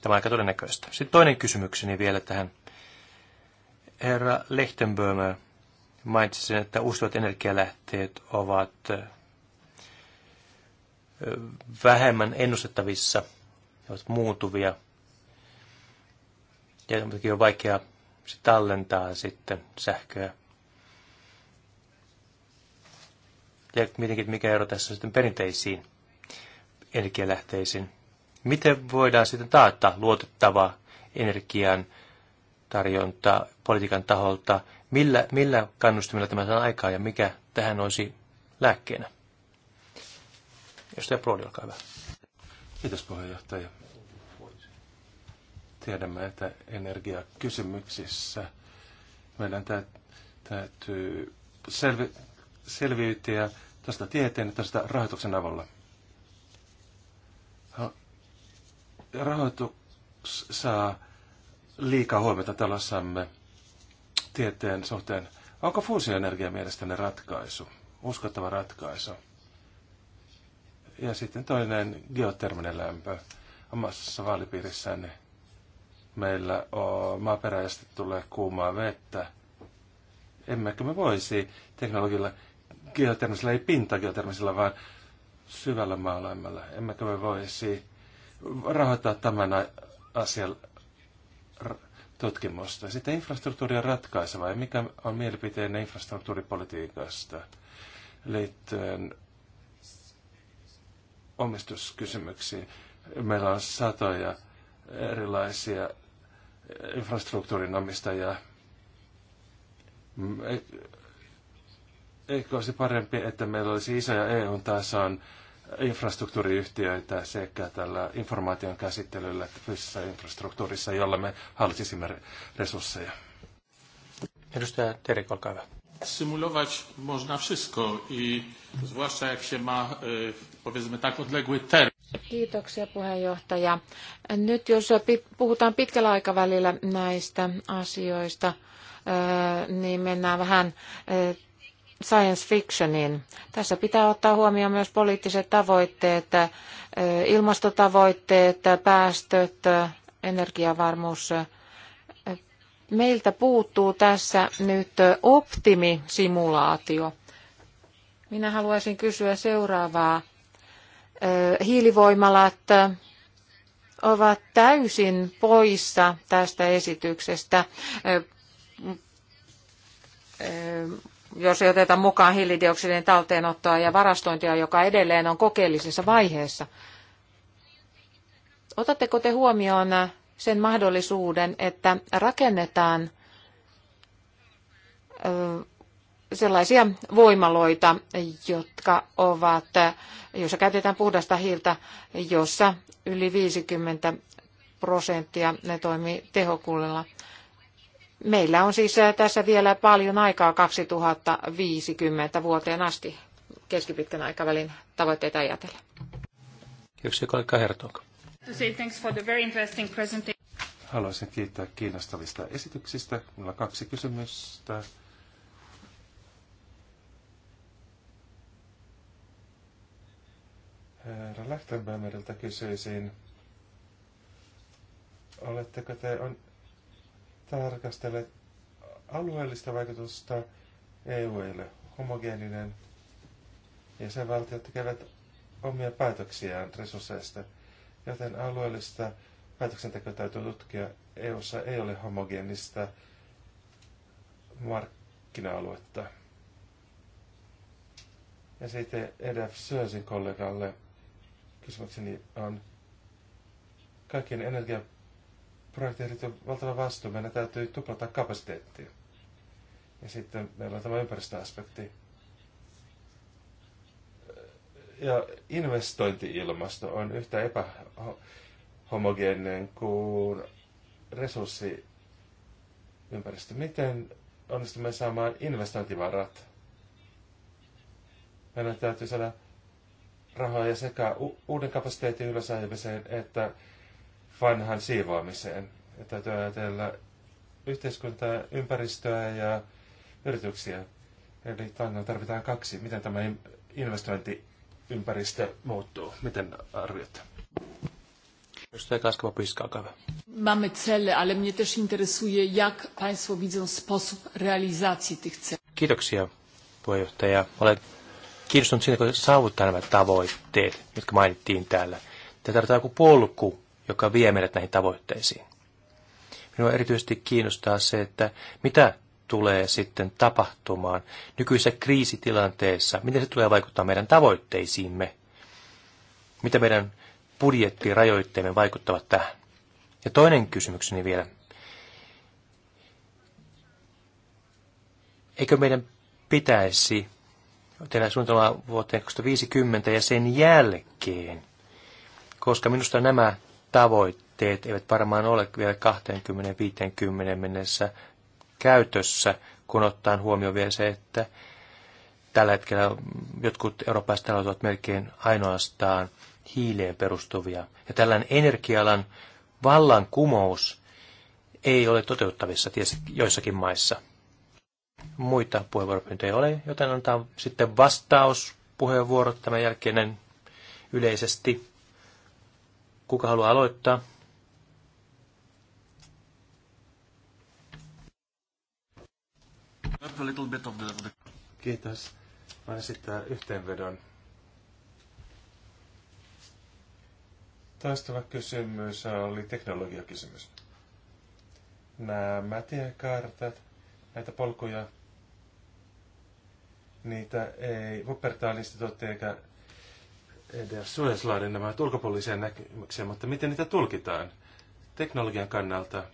Tämä on aika todennäköistä. Sitten toinen kysymykseni vielä tähän. Herra Lechtenböhmer mainitsi sen, että uusiutuvat energialähteet ovat vähemmän ennustettavissa, ne ovat muutuvia. Ja on vaikea se tallentaa sitten sähköä. Ja mitenkin, mikä ero tässä on sitten perinteisiin energialähteisiin. Miten voidaan sitten taata luotettava energian tarjonta politiikan taholta? Millä, millä kannustimilla tämä saa aikaa ja mikä tähän olisi lääkkeenä? Jos te olkaa hyvä. Kiitos puheenjohtaja tiedämme, että energiakysymyksissä meidän täytyy selvi, selviytyä tästä tieteen ja tästä rahoituksen avulla. Rahoitus saa liikaa huomiota talossamme tieteen suhteen. Onko fuusioenergia mielestäni ratkaisu, uskottava ratkaisu? Ja sitten toinen geoterminen lämpö omassa vaalipiirissäni. Niin meillä maaperäisesti maaperäistä tulee kuumaa vettä. Emmekö me voisi teknologialla, geotermisellä, ei pintageotermisellä, vaan syvällä maalämmöllä, emmekö me voisi rahoittaa tämän asian tutkimusta. Sitten infrastruktuuri on ratkaiseva ja mikä on mielipiteenne infrastruktuuripolitiikasta liittyen omistuskysymyksiin. Meillä on satoja erilaisia infrastruktuurin omistajaa. Mm, eikö olisi parempi, että meillä olisi isoja eu on infrastruktuuriyhtiöitä sekä tällä informaation käsittelyllä että fyysisessä infrastruktuurissa, jolla me hallitsisimme resursseja? Edustaja Terik, olkaa hyvä. Symulować można wszystko i zwłaszcza jak się ma e, powiedzmy tak odległy teren. Kiitoksia puheenjohtaja. Nyt jos puhutaan pitkällä aikavälillä näistä asioista, niin mennään vähän science fictioniin. Tässä pitää ottaa huomioon myös poliittiset tavoitteet, ilmastotavoitteet, päästöt, energiavarmuus. Meiltä puuttuu tässä nyt optimisimulaatio. Minä haluaisin kysyä seuraavaa hiilivoimalat ovat täysin poissa tästä esityksestä. Jos ei oteta mukaan hiilidioksidin talteenottoa ja varastointia, joka edelleen on kokeellisessa vaiheessa. Otatteko te huomioon sen mahdollisuuden, että rakennetaan sellaisia voimaloita, jotka ovat, joissa käytetään puhdasta hiiltä, jossa yli 50 prosenttia ne toimii tehokkuudella. Meillä on siis tässä vielä paljon aikaa 2050 vuoteen asti keskipitkän aikavälin tavoitteita ajatella. Kiitoksia Kaikka Hertog. Haluaisin kiittää kiinnostavista esityksistä. Minulla on kaksi kysymystä. Herra Lähtenbämeriltä kysyisin, oletteko te on tarkastelleet alueellista vaikutusta EUlle? Homogeeninen ja jäsenvaltiot tekevät omia päätöksiään resursseista, joten alueellista päätöksentekoa täytyy tutkia. EUssa ei ole homogeenista markkina-aluetta. Ja sitten Edef Sörsin kollegalle kysymykseni on, kaikkien energiaprojekteihin liittyy valtava vastuu. Meidän täytyy tuplata kapasiteettia. Ja sitten meillä on tämä ympäristöaspekti. Ja investointiilmasto on yhtä epähomogeeninen kuin resurssiympäristö. Miten onnistumme saamaan investointivarat? Meidän täytyy saada rahoja sekä uuden kapasiteetin ylösajamiseen että vanhan siivoamiseen. Ja täytyy ajatella yhteiskuntaa, ympäristöä ja yrityksiä. Eli tarvitaan kaksi. Miten tämä investointiympäristö muuttuu? Miten arvioitte? Edustaja Kaskava Pyska, olkaa Mamy cele, ale mnie też interesuje, jak Państwo widzą sposób realizacji tych celów. Kiitoksia, puheenjohtaja. Olen kiinnostunut siitä, kun saavuttaa nämä tavoitteet, jotka mainittiin täällä. Tämä tarvitaan joku polku, joka vie meidät näihin tavoitteisiin. Minua erityisesti kiinnostaa se, että mitä tulee sitten tapahtumaan nykyisessä kriisitilanteessa, miten se tulee vaikuttaa meidän tavoitteisiimme, mitä meidän budjettirajoitteemme vaikuttavat tähän. Ja toinen kysymykseni vielä. Eikö meidän pitäisi tehdään suunnitelmaa vuoteen 2050 ja sen jälkeen, koska minusta nämä tavoitteet eivät varmaan ole vielä 20-50 mennessä käytössä, kun ottaa huomioon vielä se, että tällä hetkellä jotkut eurooppalaiset talot ovat melkein ainoastaan hiileen perustuvia. Ja tällainen energialan vallankumous ei ole toteuttavissa tietysti joissakin maissa. Muita puheenvuoropyyntöjä ei ole, joten antaa sitten vastauspuheenvuorot tämän jälkeinen yleisesti. Kuka haluaa aloittaa? Kiitos. Mä esittää yhteenvedon. Toistava kysymys oli teknologiakysymys. Nämä tiekartat näitä polkuja. Niitä ei Wuppertal-instituutti eikä edes Suezlainen nämä ulkopuolisia näkemyksiä, mutta miten niitä tulkitaan teknologian kannalta?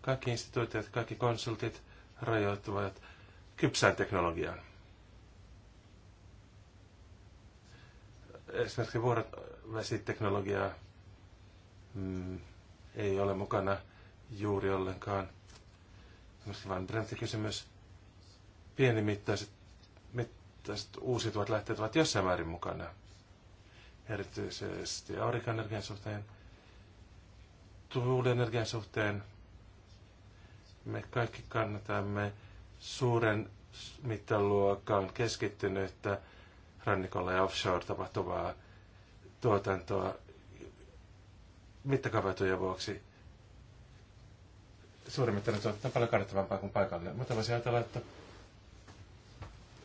Kaikki instituutiot, kaikki konsultit rajoittuvat kypsään teknologiaan. Esimerkiksi vuorovesiteknologiaa mm, ei ole mukana juuri ollenkaan – Myöskin vain brändikysymys. Pienimittaiset mittaiset uusiutuvat lähteet ovat jossain määrin mukana. Erityisesti aurinkoenergian suhteen, tuulienergian suhteen. Me kaikki kannatamme suuren mittaluokan keskittynyttä rannikolla ja offshore tapahtuvaa tuotantoa mittakaavaetujen vuoksi – suurimittainen on paljon kannattavampaa kuin paikallinen. Mutta voisi ajatella, että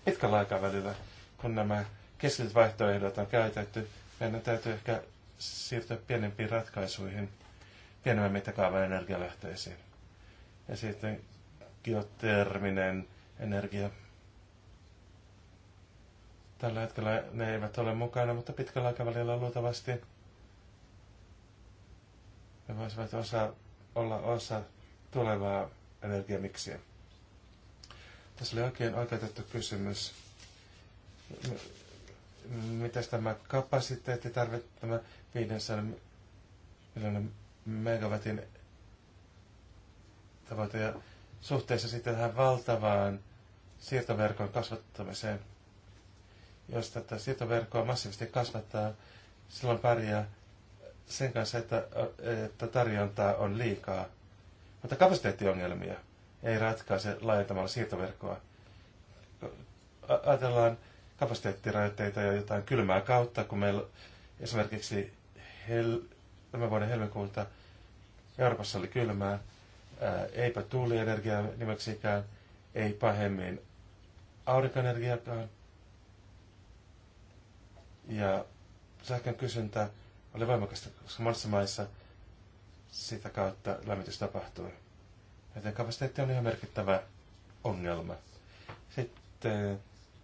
pitkällä aikavälillä, kun nämä keskityt vaihtoehdot on käytetty, meidän täytyy ehkä siirtyä pienempiin ratkaisuihin, pienemmän mittakaavan energialähteisiin. Ja sitten geoterminen energia. Tällä hetkellä ne eivät ole mukana, mutta pitkällä aikavälillä luultavasti ne voisivat osa, olla osa tulevaa energiamiksiä. Tässä oli oikein oikeutettu kysymys. Mitäs tämä kapasiteetti tarvitsee, tämä 500 miljoonan megawatin tavoite ja suhteessa sitten tähän valtavaan siirtoverkon kasvattamiseen. Jos tätä siirtoverkkoa massiivisesti kasvattaa, silloin pärjää sen kanssa, että, että tarjontaa on liikaa – mutta kapasiteettiongelmia ei ratkaise laajentamalla siirtoverkkoa. Ajatellaan kapasiteettirajoitteita ja jotain kylmää kautta, kun meillä esimerkiksi hel- tämän vuoden helmikuulta Euroopassa oli kylmää, ää, eipä tuulienergiaa nimeksikään, ei pahemmin aurinkoenergiakaan. Ja sähkön kysyntä oli voimakasta, koska monissa maissa – sitä kautta lämmitys tapahtui. Joten kapasiteetti on ihan merkittävä ongelma. Sitten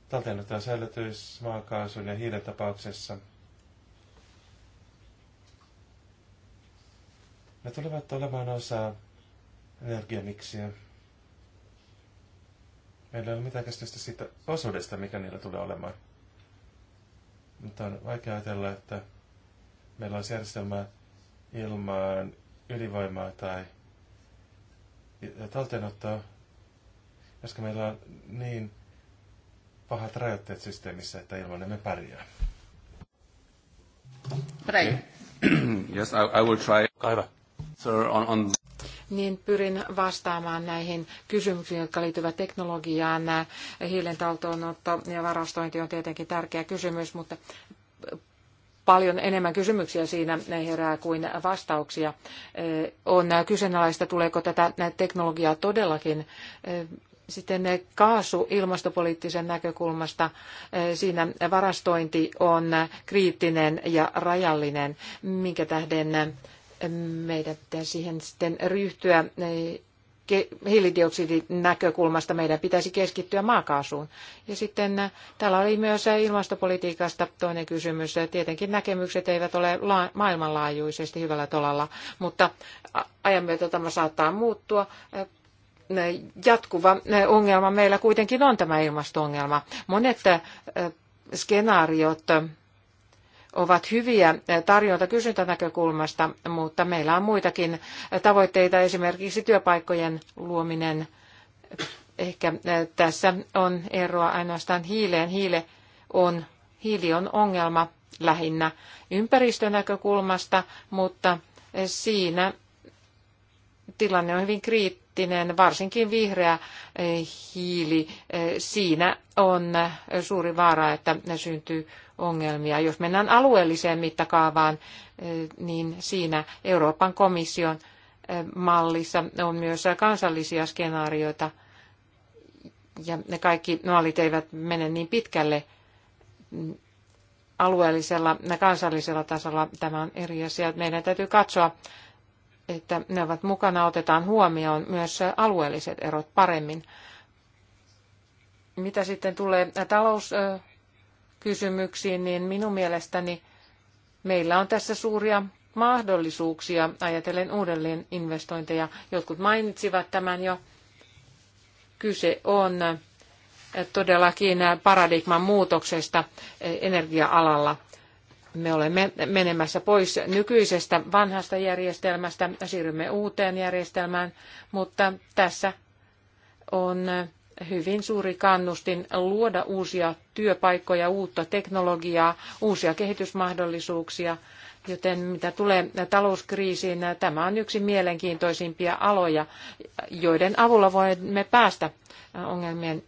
talteenotetaan säilytys maakaasun ja hiilen tapauksessa. Ne tulevat olemaan osa energiamiksiä. Meillä ei ole mitään käsitystä siitä osuudesta, mikä niillä tulee olemaan. Mutta on vaikea ajatella, että meillä olisi järjestelmä ilman ylivoimaa tai talteenottoa, koska meillä on niin pahat rajoitteet systeemissä, että ilman emme pärjää. Okay. yes, I, I will try. Kaiva. Sir, on, on... Niin pyrin vastaamaan näihin kysymyksiin, jotka liittyvät teknologiaan. Hiilen ja varastointi on tietenkin tärkeä kysymys, mutta paljon enemmän kysymyksiä siinä herää kuin vastauksia. Eh, on kyseenalaista, tuleeko tätä teknologiaa todellakin eh, sitten kaasu ilmastopoliittisen näkökulmasta, eh, siinä varastointi on kriittinen ja rajallinen, minkä tähden meidän pitää siihen sitten ryhtyä hiilidioksidinäkökulmasta meidän pitäisi keskittyä maakaasuun. Ja sitten äh, täällä oli myös äh, ilmastopolitiikasta toinen kysymys. Äh, tietenkin näkemykset eivät ole maailmanlaajuisesti hyvällä tolalla, mutta ajan myötä tämä saattaa muuttua. Jatkuva ongelma meillä kuitenkin on tämä ilmasto-ongelma. Monet skenaariot ovat hyviä tarjonta-kysyntänäkökulmasta, mutta meillä on muitakin tavoitteita, esimerkiksi työpaikkojen luominen. Ehkä eh, tässä on eroa ainoastaan hiileen. Hiile on, hiili on ongelma lähinnä ympäristönäkökulmasta, mutta eh, siinä tilanne on hyvin kriittinen kriittinen, varsinkin vihreä eh, hiili. Eh, siinä on suuri vaara, että syntyy ongelmia. Jos mennään alueelliseen mittakaavaan, eh, niin siinä Euroopan komission mallissa on myös kansallisia skenaarioita, ja ne kaikki mallit eivät mene niin pitkälle alueellisella ja kansallisella tasolla. Tämä on eri asia. Meidän täytyy katsoa että ne ovat mukana, otetaan huomioon myös alueelliset erot paremmin. Mitä sitten tulee talouskysymyksiin, niin minun mielestäni meillä on tässä suuria mahdollisuuksia ajatellen uudelleen investointeja. Jotkut mainitsivat tämän jo. Kyse on todellakin paradigman muutoksesta energia-alalla me olemme menemässä pois nykyisestä vanhasta järjestelmästä, siirrymme uuteen järjestelmään, mutta tässä on hyvin suuri kannustin luoda uusia työpaikkoja, uutta teknologiaa, uusia kehitysmahdollisuuksia, joten mitä tulee talouskriisiin, tämä on yksi mielenkiintoisimpia aloja, joiden avulla voimme päästä ongelmien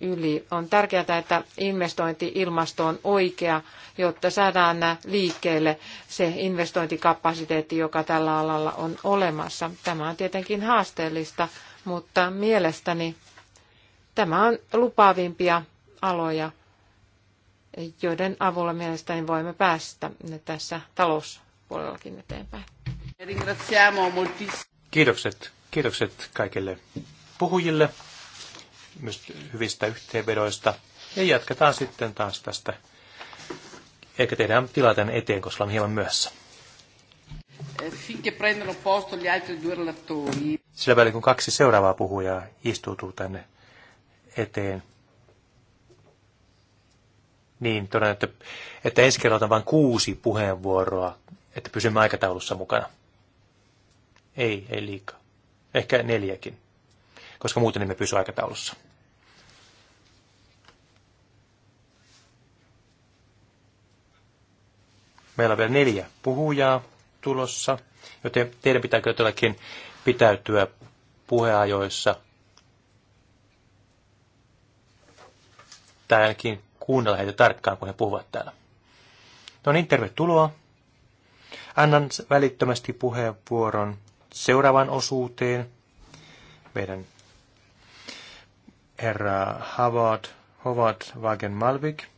yli. On tärkeää, että investointi ilmasto on oikea, jotta saadaan liikkeelle se investointikapasiteetti, joka tällä alalla on olemassa. Tämä on tietenkin haasteellista, mutta mielestäni tämä on lupaavimpia aloja, joiden avulla mielestäni voimme päästä tässä talouspuolellakin eteenpäin. Kiitokset. Kiitokset kaikille puhujille myös hyvistä yhteenvedoista. Ja jatketaan sitten taas tästä. Ehkä tehdään tilaa tämän eteen, koska olemme hieman myöhässä. Sillä välin kun kaksi seuraavaa puhujaa istuutuu tänne eteen, niin todella, että, että ensi kerralla on vain kuusi puheenvuoroa, että pysymme aikataulussa mukana. Ei, ei liikaa. Ehkä neljäkin, koska muuten emme pysy aikataulussa. Meillä on vielä neljä puhujaa tulossa, joten teidän pitää kyllä todellakin pitäytyä puheajoissa. Tai ainakin kuunnella heitä tarkkaan, kun he puhuvat täällä. No niin, tervetuloa. Annan välittömästi puheenvuoron seuraavan osuuteen. Meidän herra Howard, Howard Wagen Malvik –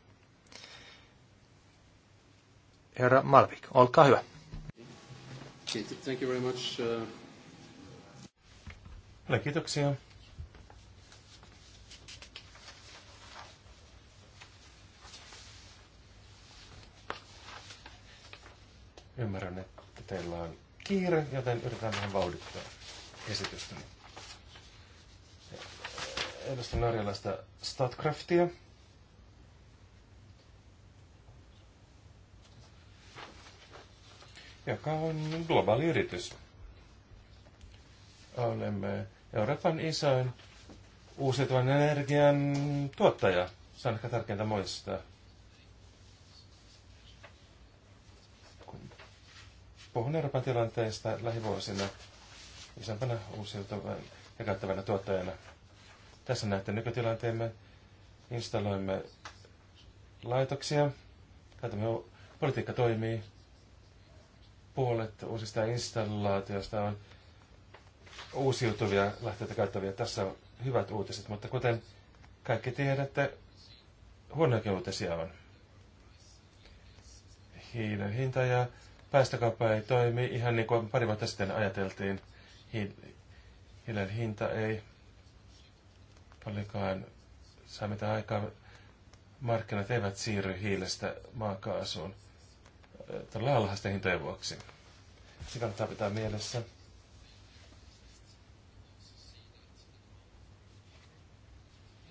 herra Malvik. Olkaa hyvä. Thank you very much. Uh, kiitoksia. Ymmärrän, että teillä on kiire, joten yritän vähän vauhdittaa esitystäni. Edustan norjalaista StatCraftia. joka on globaali yritys. Olemme Euroopan isoin uusiutuvan energian tuottaja. Se on ehkä tärkeintä muistaa. Kun puhun Euroopan tilanteesta lähivuosina isompana uusiutuvan ja käyttävänä tuottajana. Tässä näette nykytilanteemme. Installoimme laitoksia, Katsomme, politiikka toimii, puolet uusista installaatioista on uusiutuvia lähteitä käyttäviä. Tässä on hyvät uutiset, mutta kuten kaikki tiedätte, huonoakin uutisia on. Hiilen hinta ja päästökauppa ei toimi ihan niin kuin pari vuotta sitten ajateltiin. Hiilen hinta ei paljonkaan saa mitään aikaa. Markkinat eivät siirry hiilestä maakaasuun todella alhaisten hintojen vuoksi. Se kannattaa pitää mielessä.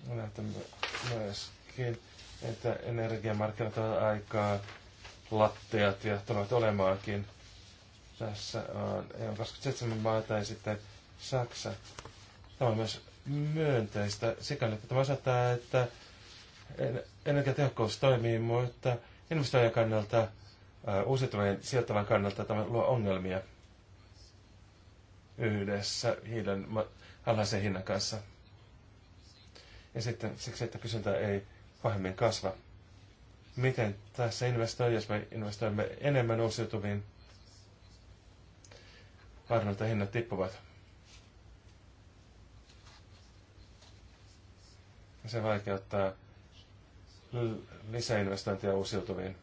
Näytämme myöskin, että energiamarkkinat ovat aikaa latteat ja tulevat olemaankin. Tässä on EU 27 maata ja sitten Saksa. Tämä on myös myönteistä sikäli, että tämä osoittaa, että energiatehokkuus toimii, mutta investoijan kannalta uusiutuvien sijoittavan kannalta tämä luo ongelmia yhdessä hiilen alhaisen hinnan kanssa. Ja sitten siksi, että kysyntä ei pahemmin kasva. Miten tässä investoi, jos me investoimme enemmän uusiutuviin, vaarana, hinnat tippuvat. Ja se vaikeuttaa lisäinvestointia uusiutuviin.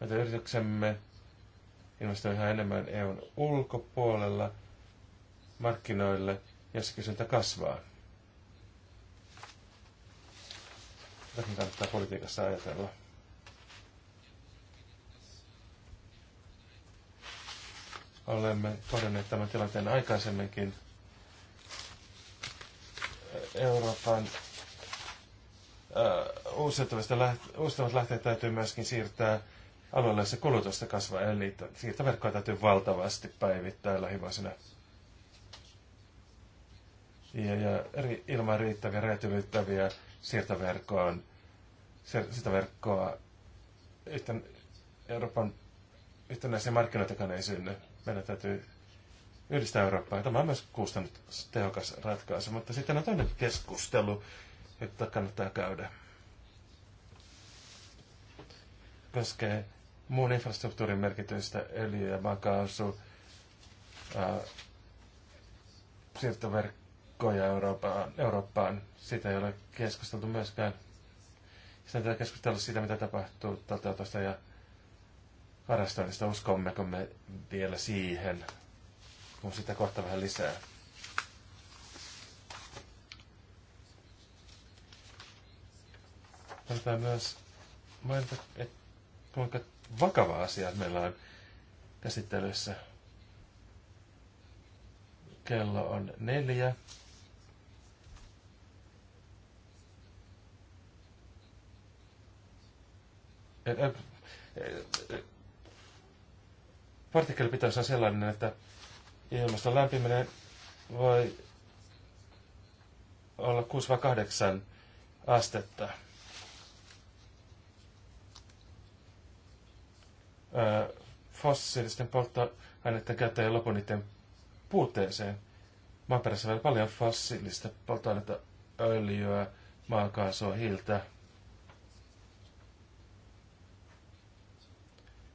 Meidän yrityksemme investoi yhä enemmän EUn ulkopuolella markkinoille, jos kysyntä kasvaa. Tätäkin kannattaa politiikassa ajatella. Olemme kohdanneet tämän tilanteen aikaisemminkin. Euroopan äh, uusiutuvat lähteet täytyy myöskin siirtää alueella se kulutusta kasvaa, eli siirtoverkkoa täytyy valtavasti päivittää lähivuosina. Ja, ja eri, ilman riittäviä räätylyyttäviä siirtoverkkoa, sitä verkkoa että Euroopan yhtenäisiä markkinoitakaan ei synny. Meidän täytyy yhdistää Eurooppaa. Tämä on myös tehokas ratkaisu, mutta sitten on toinen keskustelu, jota kannattaa käydä. Koskee muun infrastruktuurin merkitystä, öljy- ja maakaasu, siirtoverkkoja Eurooppaan, Eurooppaan. Siitä ei ole keskusteltu myöskään. Sitten täytyy keskustella siitä, mitä tapahtuu toteutusta ja varastoinnista. Uskommeko me vielä siihen, kun sitä kohta vähän lisää. Kannattaa myös mainita, että kuinka vakava asia että meillä on käsittelyssä. Kello on neljä. Eh, eh, eh, partikkeli pitäisi olla sellainen, että ilmaston lämpiminen voi olla 6-8 astetta. fossiilisten polttoaineiden ja lopun niiden puutteeseen. Maaperässä on paljon fossiilista polttoainetta, öljyä, maakaasua, hiiltä.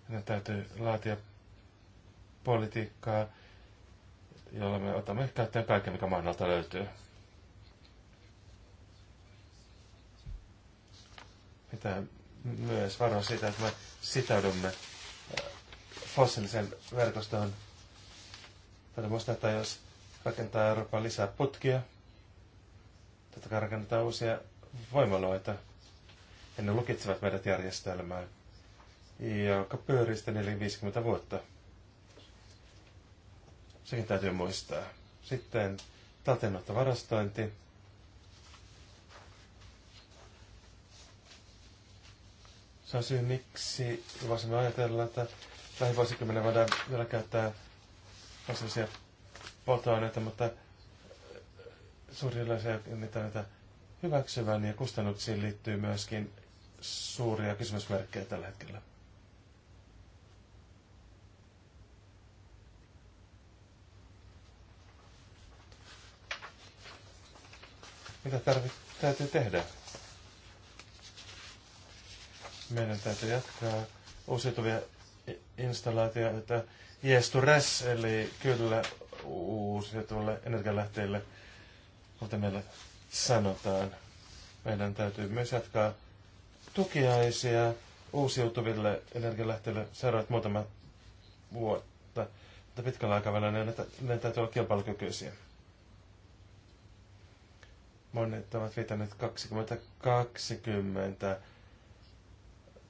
Meidän täytyy laatia politiikkaa, jolla me otamme käyttöön kaiken, mikä maailmalta löytyy. Pitää myös varoa siitä, että me sitoudumme fossiiliseen verkostoon. Täytyy muistaa, että jos rakentaa Euroopan lisää putkia, totta kai rakennetaan uusia voimaloita. Ja ne lukitsevat meidät järjestelmään, joka pyörii sitten 50 vuotta. Sekin täytyy muistaa. Sitten varastointi. Se on syy, miksi voisimme ajatella, että lähivuosikymmenen voidaan vielä käyttää fossiilisia polttoaineita, mutta suurin yleisö niitä, niitä hyväksyvän ja kustannuksiin liittyy myöskin suuria kysymysmerkkejä tällä hetkellä. Mitä tarvit, täytyy tehdä? Meidän täytyy jatkaa uusiutuvia installaatioita yes to res, eli kyllä uusiutuvalle energialähteille, mutta meillä sanotaan. Meidän täytyy myös jatkaa tukiaisia uusiutuville energialähteille seuraavat muutama vuotta, mutta pitkällä aikavälillä ne, ne täytyy olla kilpailukykyisiä. Monet ovat viitanneet 2020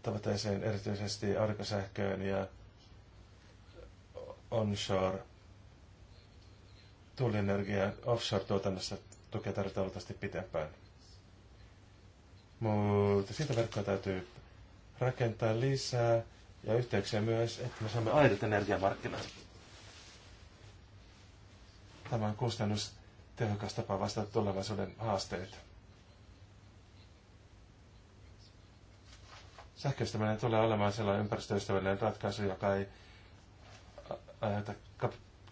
tavoitteeseen, erityisesti aurinkosähköön ja onshore tuulienergia offshore-tuotannossa tukea tarvitaan oltavasti pitempään. Mutta siitä verkkoa täytyy rakentaa lisää ja yhteyksiä myös, että me saamme aidot energiamarkkinat. Tämä on kustannustehokas tapa vastata tulevaisuuden haasteita. sähköistäminen tulee olemaan sellainen ympäristöystävällinen ratkaisu, joka ei ajata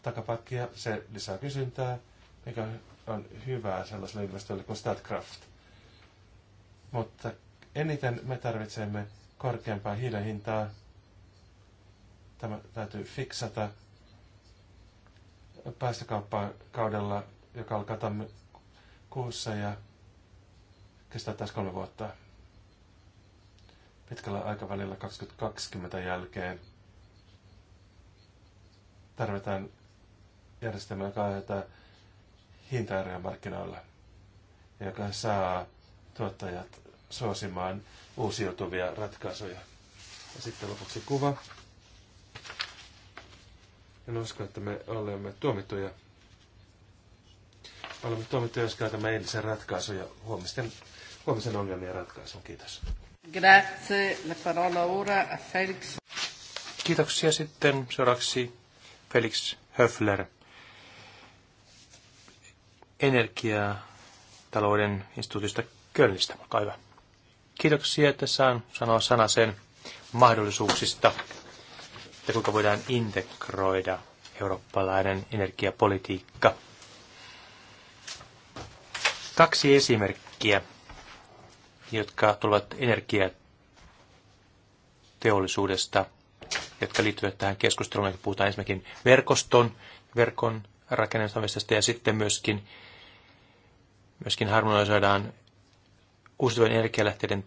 takapakkia. Se lisää kysyntää, mikä on hyvää sellaiselle investoille kuin StatCraft. Mutta eniten me tarvitsemme korkeampaa hiilen hintaa. Tämä täytyy fiksata kaudella, joka alkaa tammikuussa ja kestää taas kolme vuotta pitkällä aikavälillä 2020 jälkeen tarvitaan järjestelmä, joka aiheuttaa hintaeroja markkinoilla, joka saa tuottajat suosimaan uusiutuvia ratkaisuja. Ja sitten lopuksi kuva. En usko, että me olemme tuomittuja. Olemme tuomittuja, jos käytämme eilisen ratkaisuja huomisten, huomisen ongelmien ratkaisun Kiitos. Grazie. La parola ora a Felix. Kiitoksia sitten seuraavaksi Felix Höfler, energiatalouden instituutista Kölnistä. Olkaa hyvä. Kiitoksia, että saan sanoa sana sen mahdollisuuksista ja kuinka voidaan integroida eurooppalainen energiapolitiikka. Kaksi esimerkkiä jotka tulevat energiateollisuudesta, jotka liittyvät tähän keskusteluun. Eli puhutaan ensinnäkin verkoston, verkon rakentamisesta ja sitten myöskin, myöskin harmonisoidaan uusiutuvien energialähteiden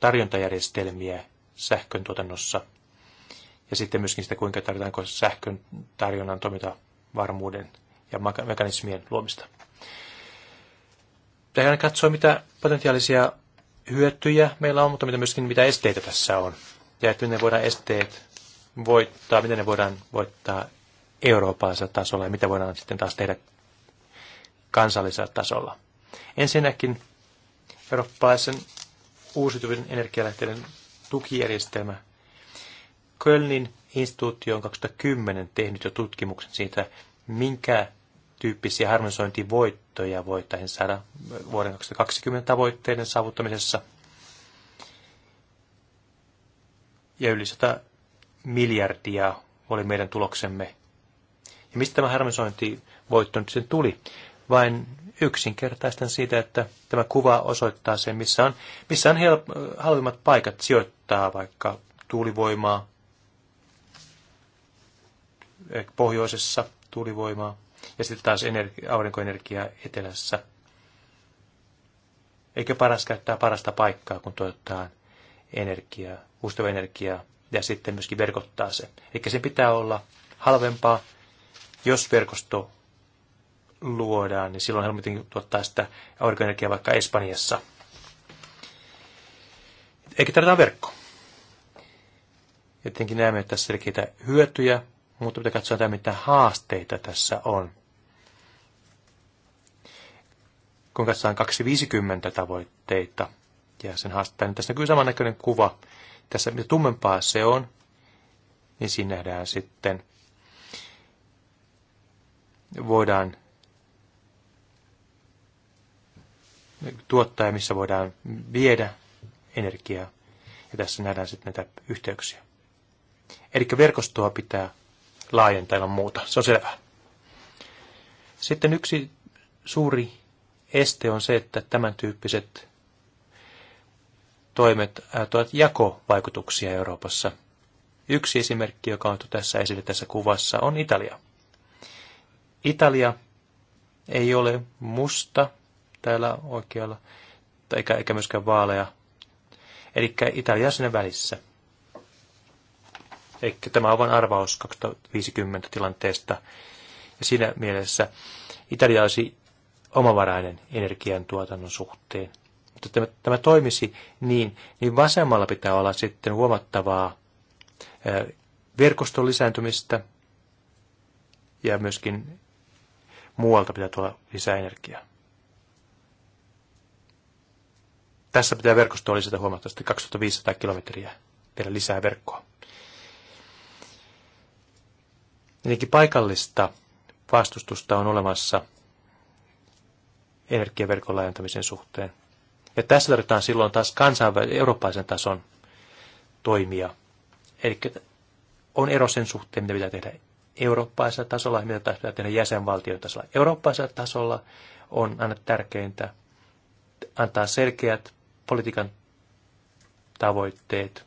tarjontajärjestelmiä sähkön tuotannossa ja sitten myöskin sitä, kuinka tarvitaanko sähkön tarjonnan toimintavarmuuden ja mekanismien luomista. Pitää katsoa, mitä potentiaalisia hyötyjä meillä on, mutta mitä myöskin mitä esteitä tässä on. Ja että miten voidaan esteet voittaa, miten ne voidaan voittaa eurooppalaisella tasolla ja mitä voidaan sitten taas tehdä kansallisella tasolla. Ensinnäkin eurooppalaisen uusiutuvien energialähteiden tukijärjestelmä. Kölnin instituutio on 2010 tehnyt jo tutkimuksen siitä, minkä tyyppisiä harmonisointivoittoja voitaisiin saada vuoden 2020 tavoitteiden saavuttamisessa. Ja yli 100 miljardia oli meidän tuloksemme. Ja mistä tämä harmonisointivoitto nyt sen tuli? Vain yksinkertaistan siitä, että tämä kuva osoittaa sen, missä on, missä on help- halvimmat paikat sijoittaa vaikka tuulivoimaa, eh, pohjoisessa tuulivoimaa ja sitten taas energi- aurinkoenergia etelässä. Eikö paras käyttää parasta paikkaa, kun tuottaa energiaa, uusiutuvaa energiaa ja sitten myöskin verkottaa se. Eli se pitää olla halvempaa, jos verkosto luodaan, niin silloin helpotin tuottaa sitä aurinkoenergiaa vaikka Espanjassa. Eikä tarvita verkko. Jotenkin näemme tässä selkeitä hyötyjä mutta pitää katsoa, mitä haasteita tässä on. Kun katsotaan 250 tavoitteita ja sen haasteita, niin tässä näkyy samannäköinen kuva. Tässä mitä tummempaa se on, niin siinä nähdään sitten, voidaan tuottaa ja missä voidaan viedä energiaa. Ja tässä nähdään sitten näitä yhteyksiä. Eli verkostoa pitää laajentaa ilman muuta. Se on selvää. Sitten yksi suuri este on se, että tämän tyyppiset toimet aiheuttavat jakovaikutuksia Euroopassa. Yksi esimerkki, joka on tässä esille tässä kuvassa, on Italia. Italia ei ole musta täällä oikealla, eikä, eikä myöskään vaalea. Eli Italia on siinä välissä. Eikä tämä on vain arvaus 2050 tilanteesta. Ja siinä mielessä Italia olisi omavarainen energiantuotannon suhteen. Mutta tämä, tämä toimisi niin, niin vasemmalla pitää olla sitten huomattavaa verkoston lisääntymistä ja myöskin muualta pitää tulla lisää energiaa. Tässä pitää verkostoa lisätä huomattavasti 2500 kilometriä vielä lisää verkkoa. Tietenkin paikallista vastustusta on olemassa energiaverkon laajentamisen suhteen. Ja tässä tarvitaan silloin taas kansainvälisen eurooppalaisen tason toimia. Eli on ero sen suhteen, mitä pitää tehdä eurooppaisella tasolla ja mitä pitää tehdä jäsenvaltion tasolla. Eurooppaisella tasolla on aina tärkeintä antaa selkeät politiikan tavoitteet.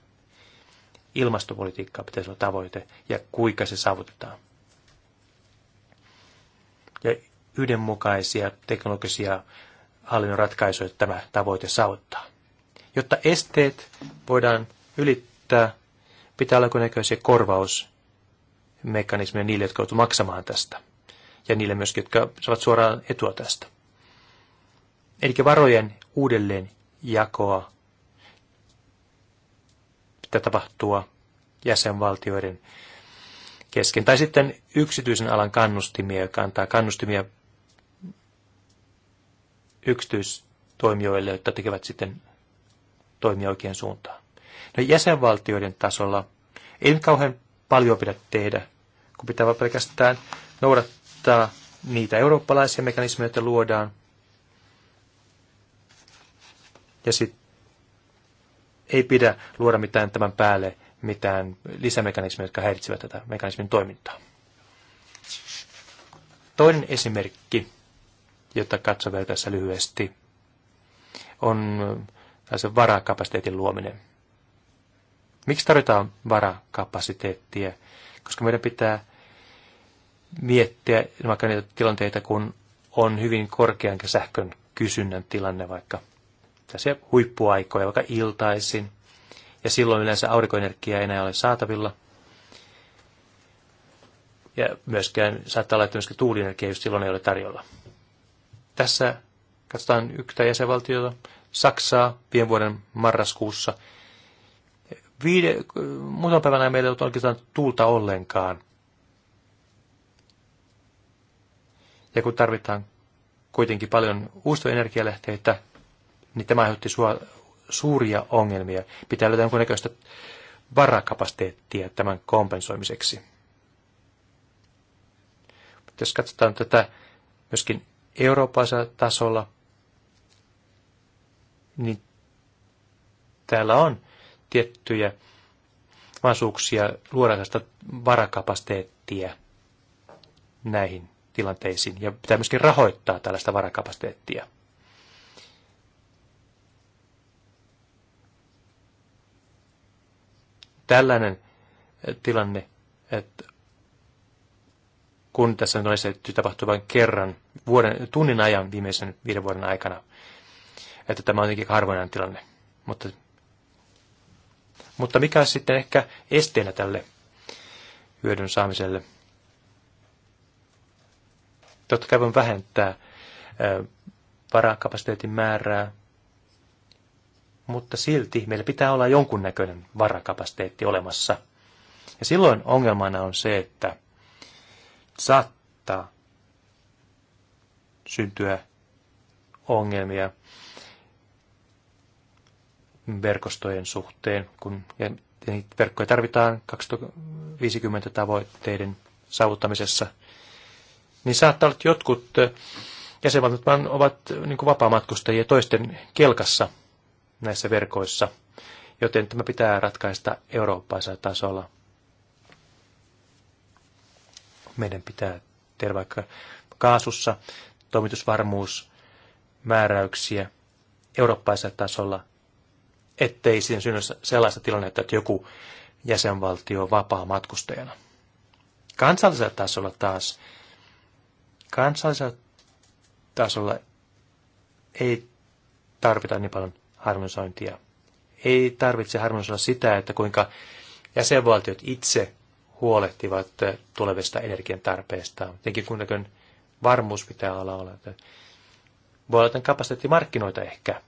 ilmastopolitiikka pitäisi olla tavoite ja kuinka se saavutetaan ja yhdenmukaisia teknologisia hallinnon ratkaisuja tämä tavoite saavuttaa. Jotta esteet voidaan ylittää, pitää olla näköisiä korvausmekanismeja niille, jotka joutuvat maksamaan tästä. Ja niille myöskin, jotka saavat suoraan etua tästä. Eli varojen uudelleen jakoa pitää tapahtua jäsenvaltioiden kesken. Tai sitten yksityisen alan kannustimia, joka antaa kannustimia yksityistoimijoille, jotka tekevät sitten toimia oikein suuntaan. No jäsenvaltioiden tasolla ei nyt kauhean paljon pidä tehdä, kun pitää vaan pelkästään noudattaa niitä eurooppalaisia mekanismeja, joita luodaan. Ja sitten ei pidä luoda mitään tämän päälle mitään lisämekanismeja, jotka häiritsevät tätä mekanismin toimintaa. Toinen esimerkki, jota katson vielä tässä lyhyesti, on tällaisen varakapasiteetin luominen. Miksi tarvitaan varakapasiteettia? Koska meidän pitää miettiä vaikka niitä tilanteita, kun on hyvin korkean sähkön kysynnän tilanne vaikka tässä huippuaikoja, vaikka iltaisin, ja silloin yleensä aurinkoenergiaa ei enää ole saatavilla. Ja myöskään saattaa olla, että myöskään tuulienergia just silloin ei ole tarjolla. Tässä katsotaan yhtä jäsenvaltiota, Saksaa, viime vuoden marraskuussa. Viide, muutaman päivänä meillä ei ole oikeastaan tuulta ollenkaan. Ja kun tarvitaan kuitenkin paljon uusia energialähteitä, niin tämä aiheutti suuria ongelmia. Pitää löytää jonkunnäköistä varakapasiteettia tämän kompensoimiseksi. Mutta jos katsotaan tätä myöskin eurooppalaisella tasolla, niin täällä on tiettyjä mahdollisuuksia luoda tästä varakapasiteettia näihin tilanteisiin ja pitää myöskin rahoittaa tällaista varakapasiteettia. tällainen eh, tilanne, että kun tässä on esitetty tapahtuu vain kerran vuoden, tunnin ajan viimeisen viiden vuoden aikana, että tämä on jotenkin harvoinen tilanne. Mutta, mutta mikä on sitten ehkä esteenä tälle hyödyn saamiselle? Totta kai voin vähentää eh, varakapasiteetin määrää, mutta silti meillä pitää olla jonkunnäköinen varakapasiteetti olemassa. Ja silloin ongelmana on se, että saattaa syntyä ongelmia verkostojen suhteen, kun ja niitä verkkoja tarvitaan 2050 tavoitteiden saavuttamisessa, niin saattaa olla, että jotkut jäsenvaltiot ovat niin vapaamatkustajia toisten kelkassa – näissä verkoissa, joten tämä pitää ratkaista eurooppaisella tasolla. Meidän pitää tehdä vaikka kaasussa toimitusvarmuusmääräyksiä eurooppaisella tasolla, ettei siinä synny sellaista tilannetta, että joku jäsenvaltio on vapaa matkustajana. Kansallisella tasolla taas, kansallisella tasolla ei tarvita niin paljon harmonisointia. Ei tarvitse harmonisoida sitä, että kuinka jäsenvaltiot itse huolehtivat eh, tulevista energian tarpeesta. Tietenkin kuitenkin varmuus pitää olla olla. voi olla kapasiteettimarkkinoita ehkä.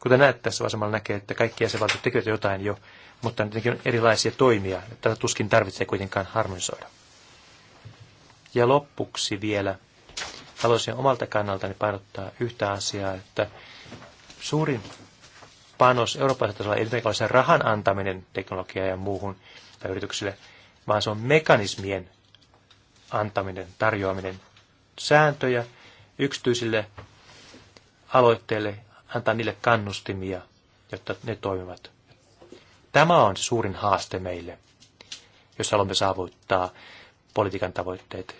Kuten näet tässä vasemmalla näkee, että kaikki jäsenvaltiot tekevät jotain jo, mutta tietenkin on erilaisia toimia. Tätä tuskin tarvitsee kuitenkaan harmonisoida. Ja lopuksi vielä haluaisin omalta kannaltani painottaa yhtä asiaa, että suurin panos Euroopan tasolla ei mitenkään ole se rahan antaminen teknologiaa ja muuhun tai yrityksille, vaan se on mekanismien antaminen, tarjoaminen sääntöjä yksityisille aloitteille, antaa niille kannustimia, jotta ne toimivat. Tämä on se suurin haaste meille, jos haluamme saavuttaa politiikan tavoitteet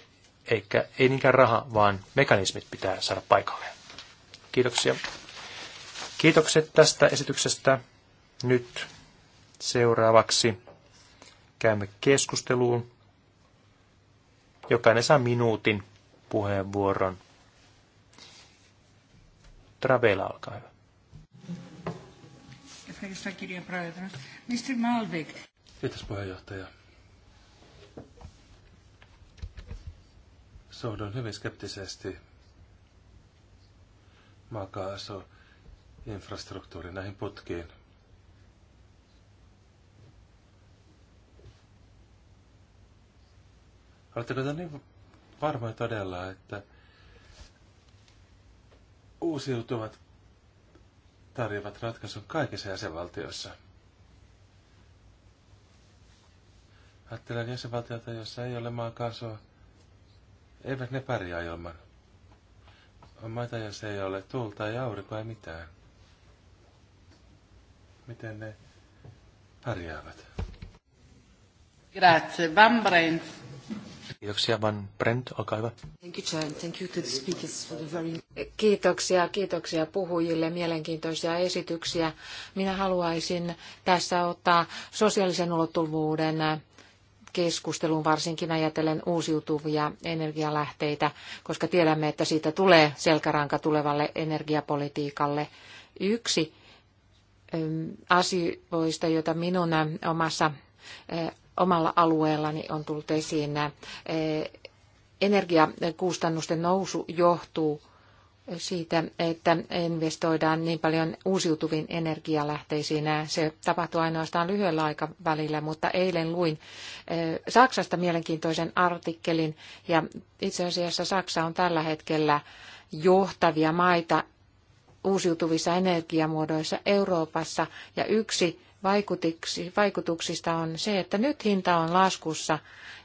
eikä ei niinkään raha, vaan mekanismit pitää saada paikalleen. Kiitoksia. Kiitokset tästä esityksestä. Nyt seuraavaksi käymme keskusteluun. Jokainen saa minuutin puheenvuoron. Travela, olkaa hyvä. Kiitos puheenjohtaja. suhdun hyvin skeptisesti maakaasu infrastruktuuri näihin putkiin. Oletteko te niin varmoja todella, että uusiutuvat tarjoavat ratkaisun kaikissa jäsenvaltioissa? Ajattelen jäsenvaltiota, jossa ei ole maakaasua eivät ne pärjää ilman. On maita, jos ei ole tuulta ja aurinkoa ei mitään. Miten ne pärjäävät? Grazie, Van Brent. Kiitoksia, Van Brent, olkaa hyvä. Thank you, Chair. Thank you to the speakers for the very... Kiitoksia, kiitoksia puhujille, mielenkiintoisia esityksiä. Minä haluaisin tässä ottaa sosiaalisen ulottuvuuden keskusteluun varsinkin ajatellen uusiutuvia energialähteitä, koska tiedämme, että siitä tulee selkäranka tulevalle energiapolitiikalle. Yksi ähm, asioista, jota minun äh, omassa, äh, omalla alueellani on tullut esiin, äh, energiakustannusten nousu johtuu siitä, että investoidaan niin paljon uusiutuviin energialähteisiin. Se tapahtuu ainoastaan lyhyellä aikavälillä, mutta eilen luin Saksasta mielenkiintoisen artikkelin ja itse asiassa Saksa on tällä hetkellä johtavia maita uusiutuvissa energiamuodoissa Euroopassa ja yksi vaikutuksista on se, että nyt hinta on laskussa.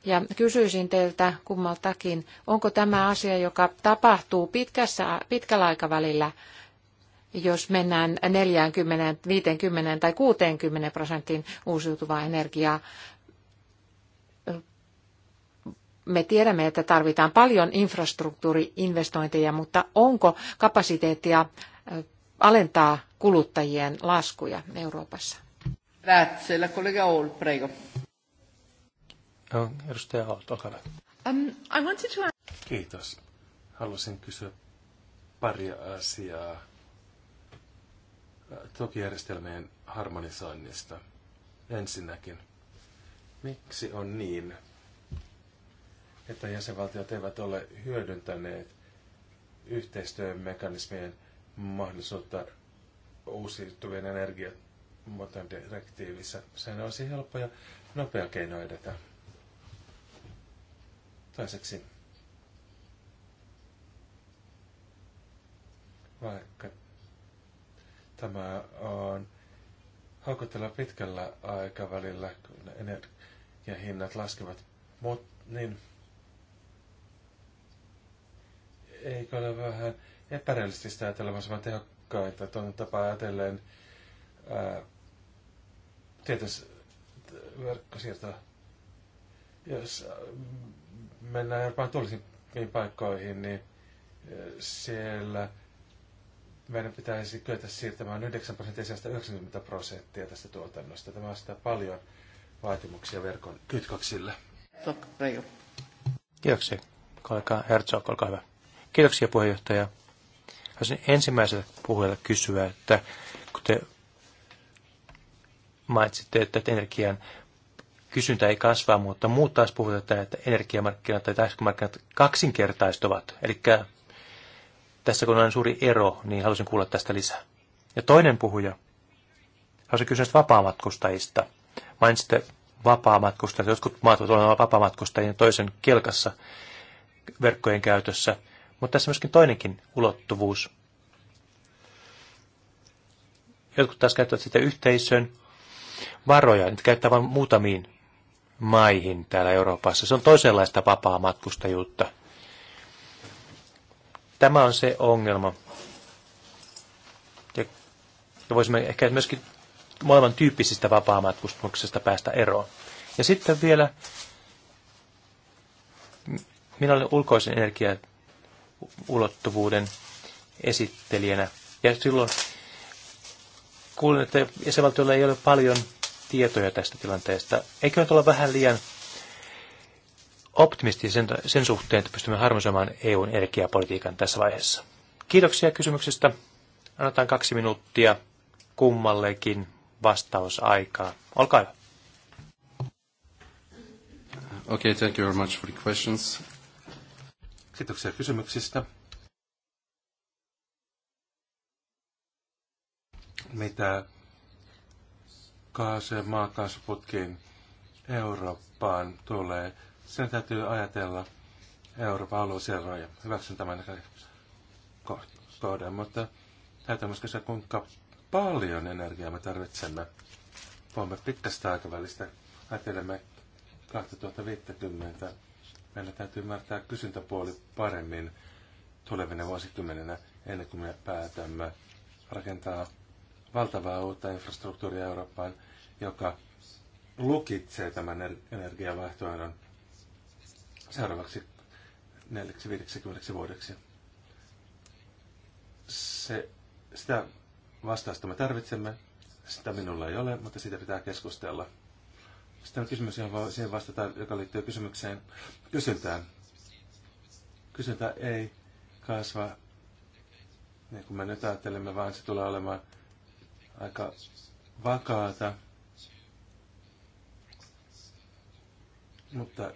Ja kysyisin teiltä kummaltakin, onko tämä asia, joka tapahtuu pitkässä, pitkällä aikavälillä, jos mennään 40, 50 tai 60 prosentin uusiutuvaa energiaa. Me tiedämme, että tarvitaan paljon infrastruktuuriinvestointeja, mutta onko kapasiteettia alentaa kuluttajien laskuja Euroopassa? Grazie. La collega Hall, prego. No, edustaja Hall, olkaa hyvä. Um, I wanted to... Kiitos. Haluaisin kysyä pari asiaa tukijärjestelmien harmonisoinnista. Ensinnäkin, miksi on niin, että jäsenvaltiot eivät ole hyödyntäneet yhteistyömekanismien mahdollisuutta uusiutuvien energiat muotoon Directiivissä. Sen olisi helppo ja nopea keino edetä. Toiseksi, vaikka tämä on haukotella pitkällä aikavälillä, kun energiahinnat laskevat, mut, niin eikö ole vähän epärealistista ajatella vaan tehokkaita tuon tapaa ajatellen ää, tietysti äh, verkkosiirto, jos äh, mennään jopa tuollisiin paikkoihin, niin äh, siellä meidän pitäisi kyetä siirtämään 9 prosenttia sijasta 90 prosenttia tästä tuotannosta. Tämä sitä paljon vaatimuksia verkon kytköksille. Kiitoksia, kollega Herzog, olkaa hyvä. Kiitoksia puheenjohtaja. Haluaisin ensimmäiselle puhujalle kysyä, että kun te mainitsitte, että energian kysyntä ei kasva, mutta muut taas puhuvat, että energiamarkkinat tai sähkömarkkinat kaksinkertaistuvat. Eli tässä kun on suuri ero, niin halusin kuulla tästä lisää. Ja toinen puhuja, haluaisin kysyä näistä vapaamatkustajista. Mainitsitte vapaamatkustajat, jotkut maat ovat olemaan vapaamatkustajien toisen kelkassa verkkojen käytössä, mutta tässä myöskin toinenkin ulottuvuus. Jotkut taas käyttävät sitä yhteisön varoja. Niitä käyttää vain muutamiin maihin täällä Euroopassa. Se on toisenlaista vapaa matkustajuutta. Tämä on se ongelma. Ja voisimme ehkä myöskin maailman tyyppisistä vapaamatkustuksesta päästä eroon. Ja sitten vielä, minä olen ulkoisen energiaulottuvuuden esittelijänä. Ja silloin kuulin, että jäsenvaltiolla ei ole paljon tietoja tästä tilanteesta. Eikö nyt olla vähän liian optimisti sen, sen suhteen, että pystymme harmonisoimaan EUn energiapolitiikan tässä vaiheessa? Kiitoksia kysymyksestä. Annetaan kaksi minuuttia kummallekin vastausaikaa. Olkaa hyvä. Okay, thank you very much for the questions. Kiitoksia kysymyksistä. mitä kaasu- ja maakaasuputkiin Eurooppaan tulee, sen täytyy ajatella Euroopan alueseroja. Hyväksyn tämän kohdan, mutta täytyy myös kysyä, kuinka paljon energiaa me tarvitsemme. Voimme pitkästä aikavälistä ajatelemme 2050. Meillä täytyy ymmärtää kysyntäpuoli paremmin tulevina vuosikymmeninä ennen kuin me päätämme rakentaa valtavaa uutta infrastruktuuria Eurooppaan, joka lukitsee tämän energiavaihtoehdon seuraavaksi 40-50 vuodeksi. Se, sitä vastausta me tarvitsemme, sitä minulla ei ole, mutta siitä pitää keskustella. Sitten on kysymys, johon siihen vastata, joka liittyy kysymykseen kysyntään. Kysyntä ei kasva, niin kuin me nyt ajattelemme, vaan se tulee olemaan aika vakaata. Mutta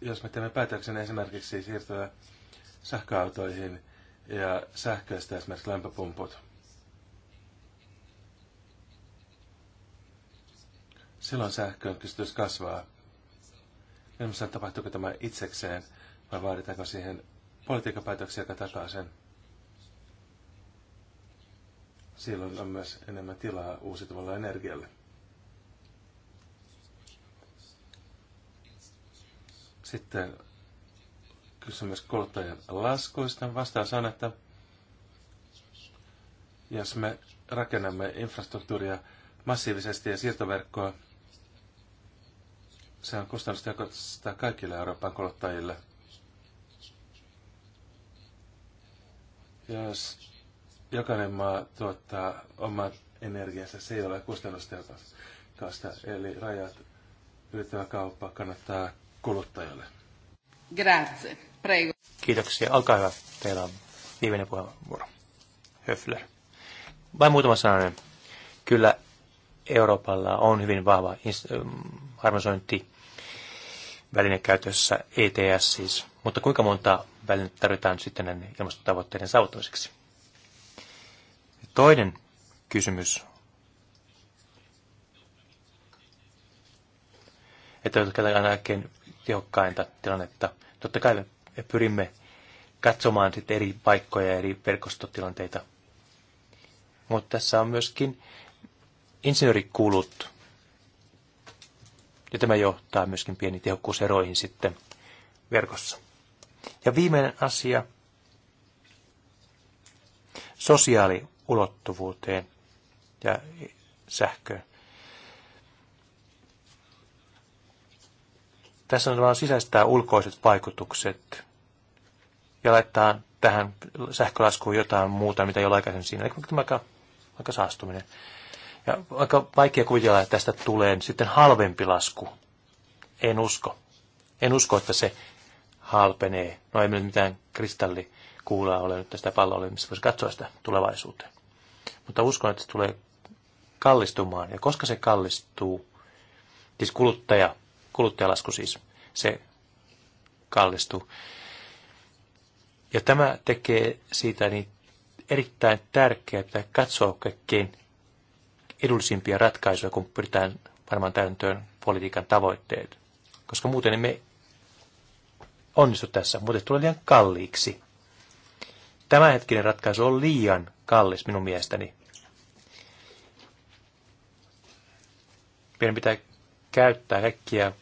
jos me teemme päätöksen esimerkiksi siirtyä sähköautoihin ja sähköistä esimerkiksi lämpöpumput, silloin sähkön kysytys kasvaa. En tapahtuuko tämä itsekseen vai vaaditaanko siihen politiikkapäätöksiä, joka takaa sen silloin on myös enemmän tilaa uusiutuvalle energialle. Sitten kysymys kuluttajan laskuista. Vastaus on, että jos me rakennamme infrastruktuuria massiivisesti ja siirtoverkkoa, se on kustannustehokasta kaikille Euroopan kuluttajille. Jos jokainen maa tuottaa omat energiansa, se ei ole kustannustehokasta, eli rajat ylittävä kauppa kannattaa kuluttajalle. Grazie. Prego. Kiitoksia. Olkaa hyvä. Teillä on viimeinen puheenvuoro. Höfler. Vain muutama sananen. Kyllä Euroopalla on hyvin vahva ähm, harmonisointi väline käytössä, ETS siis. Mutta kuinka monta välinettä tarvitaan sitten näiden ilmastotavoitteiden saavuttamiseksi? Toinen kysymys. Että katsotaan kaikkein tehokkainta tilannetta. Totta kai me pyrimme katsomaan sitten eri paikkoja ja eri verkostotilanteita. Mutta tässä on myöskin insinöörikulut. Ja tämä johtaa myöskin pieni tehokkuuseroihin sitten verkossa. Ja viimeinen asia, sosiaali ulottuvuuteen ja sähköön. Tässä on tavallaan sisäistää ulkoiset vaikutukset ja laittaa tähän sähkölaskuun jotain muuta, mitä ei ole aikaisemmin siinä, vaikka, vaikka saastuminen. Ja aika vaikea kuvitella, että tästä tulee sitten halvempi lasku. En usko. En usko, että se halpenee. No ei mitään kristalli kuulaa ole nyt tästä pallolle, niin missä voisi katsoa sitä tulevaisuuteen. Mutta uskon, että se tulee kallistumaan. Ja koska se kallistuu, siis kuluttaja, kuluttajalasku siis, se kallistuu. Ja tämä tekee siitä niin erittäin tärkeää pitää katsoa kaikkein edullisimpia ratkaisuja, kun pyritään varmaan täyntöön politiikan tavoitteet. Koska muuten emme onnistu tässä, muuten tulee liian kalliiksi tämänhetkinen ratkaisu on liian kallis minun mielestäni. Meidän pitää käyttää kaikkia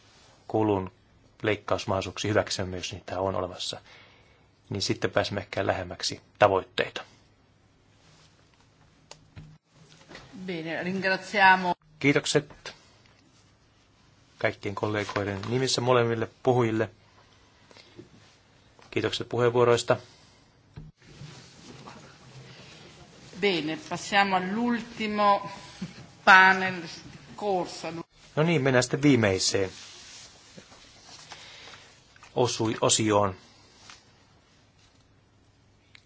kulun leikkausmahdollisuuksia hyväksemme, jos niitä on olemassa. Niin sitten pääsemme ehkä lähemmäksi tavoitteita. Kiitokset kaikkien kollegoiden nimissä molemmille puhujille. Kiitokset puheenvuoroista. Bene, passiamo all'ultimo panel corsa. No niin, mennään sitten viimeiseen osui, osioon.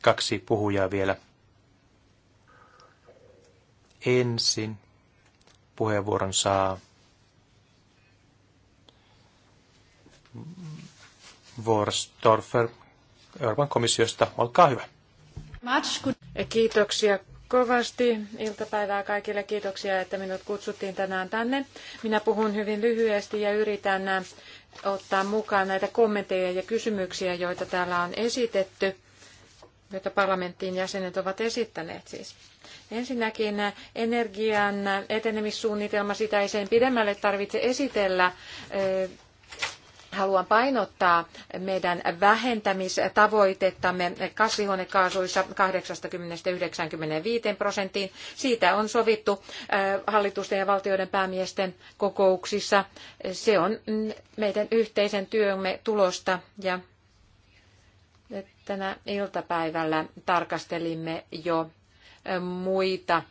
Kaksi puhujaa vielä. Ensin puheenvuoron saa Vorstorfer Euroopan komissiosta. Olkaa hyvä. Match, Kiitoksia kovasti iltapäivää kaikille. Kiitoksia, että minut kutsuttiin tänään tänne. Minä puhun hyvin lyhyesti ja yritän äh, ottaa mukaan näitä kommentteja ja kysymyksiä, joita täällä on esitetty, joita parlamenttiin jäsenet ovat esittäneet siis. Ensinnäkin äh, energian etenemissuunnitelma, sitä ei sen pidemmälle tarvitse esitellä. Äh, haluan painottaa meidän vähentämistavoitettamme kasvihuonekaasuissa 80-95 prosenttiin. Siitä on sovittu äh, hallitusten ja valtioiden päämiesten kokouksissa. Se on mm, meidän yhteisen työmme tulosta ja tänä iltapäivällä tarkastelimme jo äh, muita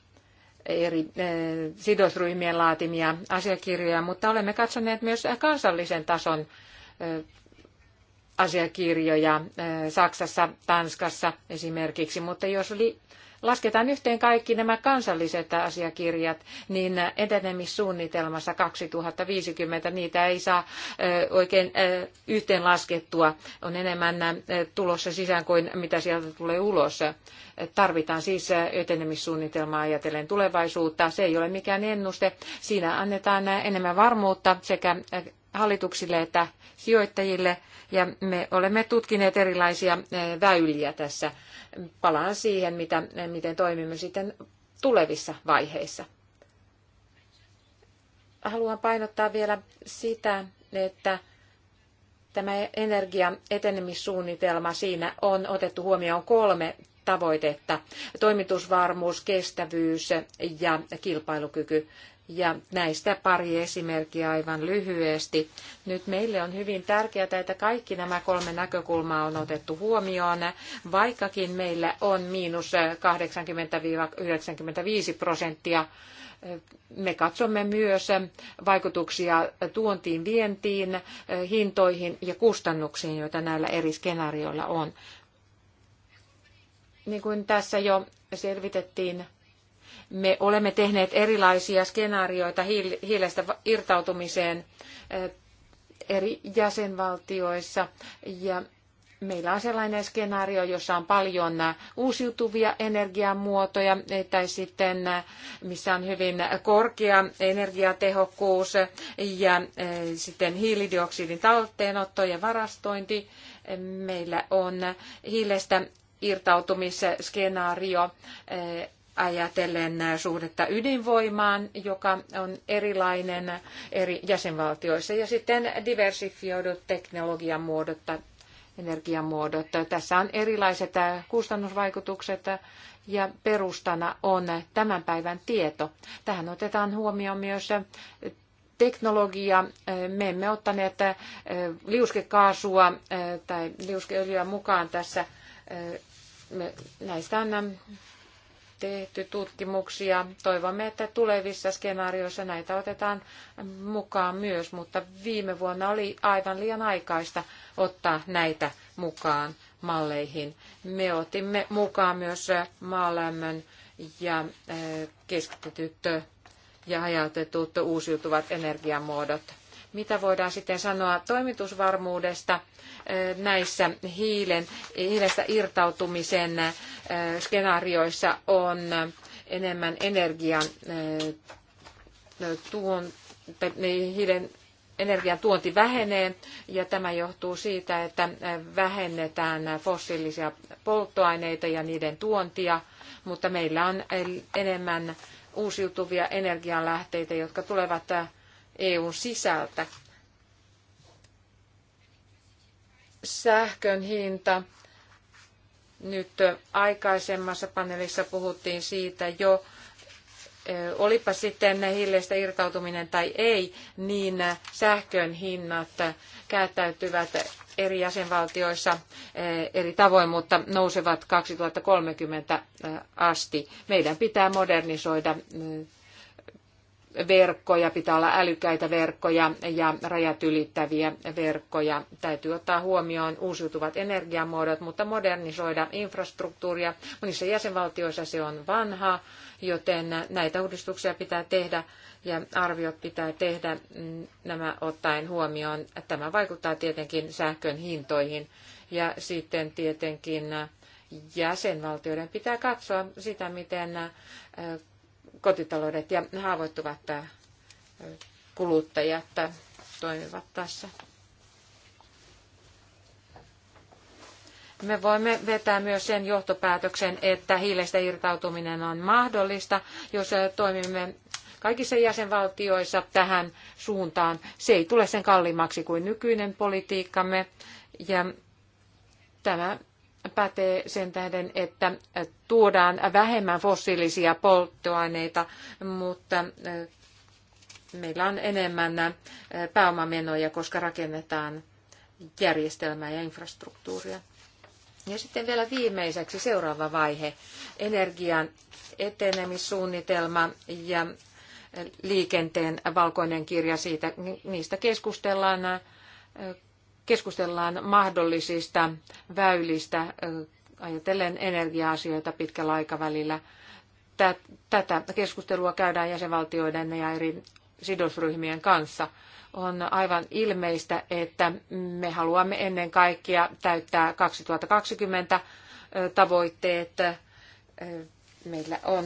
eri äh, sidosryhmien laatimia asiakirjoja, mutta olemme katsoneet myös kansallisen tason asiakirjoja Saksassa, Tanskassa esimerkiksi, mutta jos lasketaan yhteen kaikki nämä kansalliset asiakirjat, niin etenemissuunnitelmassa 2050 niitä ei saa oikein yhteen laskettua. On enemmän tulossa sisään kuin mitä sieltä tulee ulos. Tarvitaan siis etenemissuunnitelmaa ajatellen tulevaisuutta. Se ei ole mikään ennuste. Siinä annetaan enemmän varmuutta sekä hallituksille että sijoittajille ja me olemme tutkineet erilaisia eh, väyliä tässä. Palaan siihen, mitä, eh, miten toimimme sitten tulevissa vaiheissa. Haluan painottaa vielä sitä, että tämä energian etenemissuunnitelma, siinä on otettu huomioon kolme tavoitetta. Toimitusvarmuus, kestävyys ja kilpailukyky. Ja näistä pari esimerkkiä aivan lyhyesti. Nyt meille on hyvin tärkeää, että kaikki nämä kolme näkökulmaa on otettu huomioon, vaikkakin meillä on miinus 80-95 prosenttia. Me katsomme myös vaikutuksia tuontiin, vientiin, hintoihin ja kustannuksiin, joita näillä eri skenaarioilla on. Niin kuin tässä jo selvitettiin, me olemme tehneet erilaisia skenaarioita hiilestä irtautumiseen eri jäsenvaltioissa ja meillä on sellainen skenaario, jossa on paljon uusiutuvia energiamuotoja e, tai sitten missä on hyvin korkea energiatehokkuus ja e, sitten hiilidioksidin talteenotto ja varastointi. Meillä on hiilestä irtautumisskenaario e, ajatellen suhdetta ydinvoimaan, joka on erilainen eri jäsenvaltioissa, ja sitten diversifioidut teknologian muodot tai energiamuodot. Tässä on erilaiset äh, kustannusvaikutukset ja perustana on tämän päivän tieto. Tähän otetaan huomioon myös äh, teknologia. Me emme ottaneet äh, liuskekaasua tai liuskeöljyä mukaan tässä. Näistä on ähm, tehty tutkimuksia. Toivomme, että tulevissa skenaarioissa näitä otetaan mukaan myös, mutta viime vuonna oli aivan liian aikaista ottaa näitä mukaan malleihin. Me otimme mukaan myös maalämmön ja eh, keskitetyt ja hajautetut uusiutuvat energiamuodot mitä voidaan sitten sanoa toimitusvarmuudesta eh, näissä hiilen, hiilestä irtautumisen eh, skenaarioissa on enemmän energian eh, tuon, hiilen energian tuonti vähenee ja tämä johtuu siitä, että vähennetään fossiilisia polttoaineita ja niiden tuontia, mutta meillä on enemmän uusiutuvia energianlähteitä, jotka tulevat EUn sisältä. Sähkön hinta. Nyt aikaisemmassa paneelissa puhuttiin siitä jo, olipa sitten hiilestä irtautuminen tai ei, niin sähkön hinnat käyttäytyvät eri jäsenvaltioissa eri tavoin, mutta nousevat 2030 asti. Meidän pitää modernisoida verkkoja, pitää olla älykäitä verkkoja ja rajat ylittäviä verkkoja. Täytyy ottaa huomioon uusiutuvat energiamuodot, mutta modernisoida infrastruktuuria. Monissa jäsenvaltioissa se on vanha, joten näitä uudistuksia pitää tehdä ja arviot pitää tehdä mm, nämä ottaen huomioon. Tämä vaikuttaa tietenkin sähkön hintoihin ja sitten tietenkin jäsenvaltioiden pitää katsoa sitä, miten äh, kotitaloudet ja haavoittuvat kuluttajat toimivat tässä. Me voimme vetää myös sen johtopäätöksen, että hiilestä irtautuminen on mahdollista, jos toimimme kaikissa jäsenvaltioissa tähän suuntaan. Se ei tule sen kalliimmaksi kuin nykyinen politiikkamme. Ja tämä pätee sen tähden, että tuodaan vähemmän fossiilisia polttoaineita, mutta meillä on enemmän pääomamenoja, koska rakennetaan järjestelmää ja infrastruktuuria. Ja sitten vielä viimeiseksi seuraava vaihe, energian etenemissuunnitelma ja liikenteen valkoinen kirja, siitä, niistä keskustellaan keskustellaan mahdollisista väylistä ajatellen energia-asioita pitkällä aikavälillä. Tätä keskustelua käydään jäsenvaltioiden ja eri sidosryhmien kanssa. On aivan ilmeistä, että me haluamme ennen kaikkea täyttää 2020 tavoitteet. Meillä on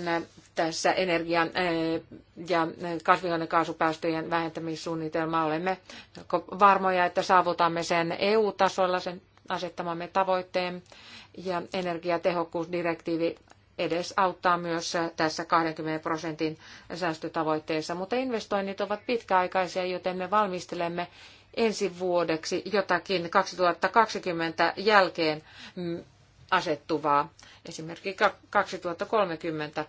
tässä energian eh, ja kasvihuonekaasupäästöjen vähentämissuunnitelmaa. Olemme varmoja, että saavutamme sen EU-tasolla sen asettamamme tavoitteen ja energiatehokkuusdirektiivi edes auttaa myös tässä 20 prosentin säästötavoitteessa, mutta investoinnit ovat pitkäaikaisia, joten me valmistelemme ensi vuodeksi jotakin 2020 jälkeen mm, asettuvaa, esimerkiksi 2030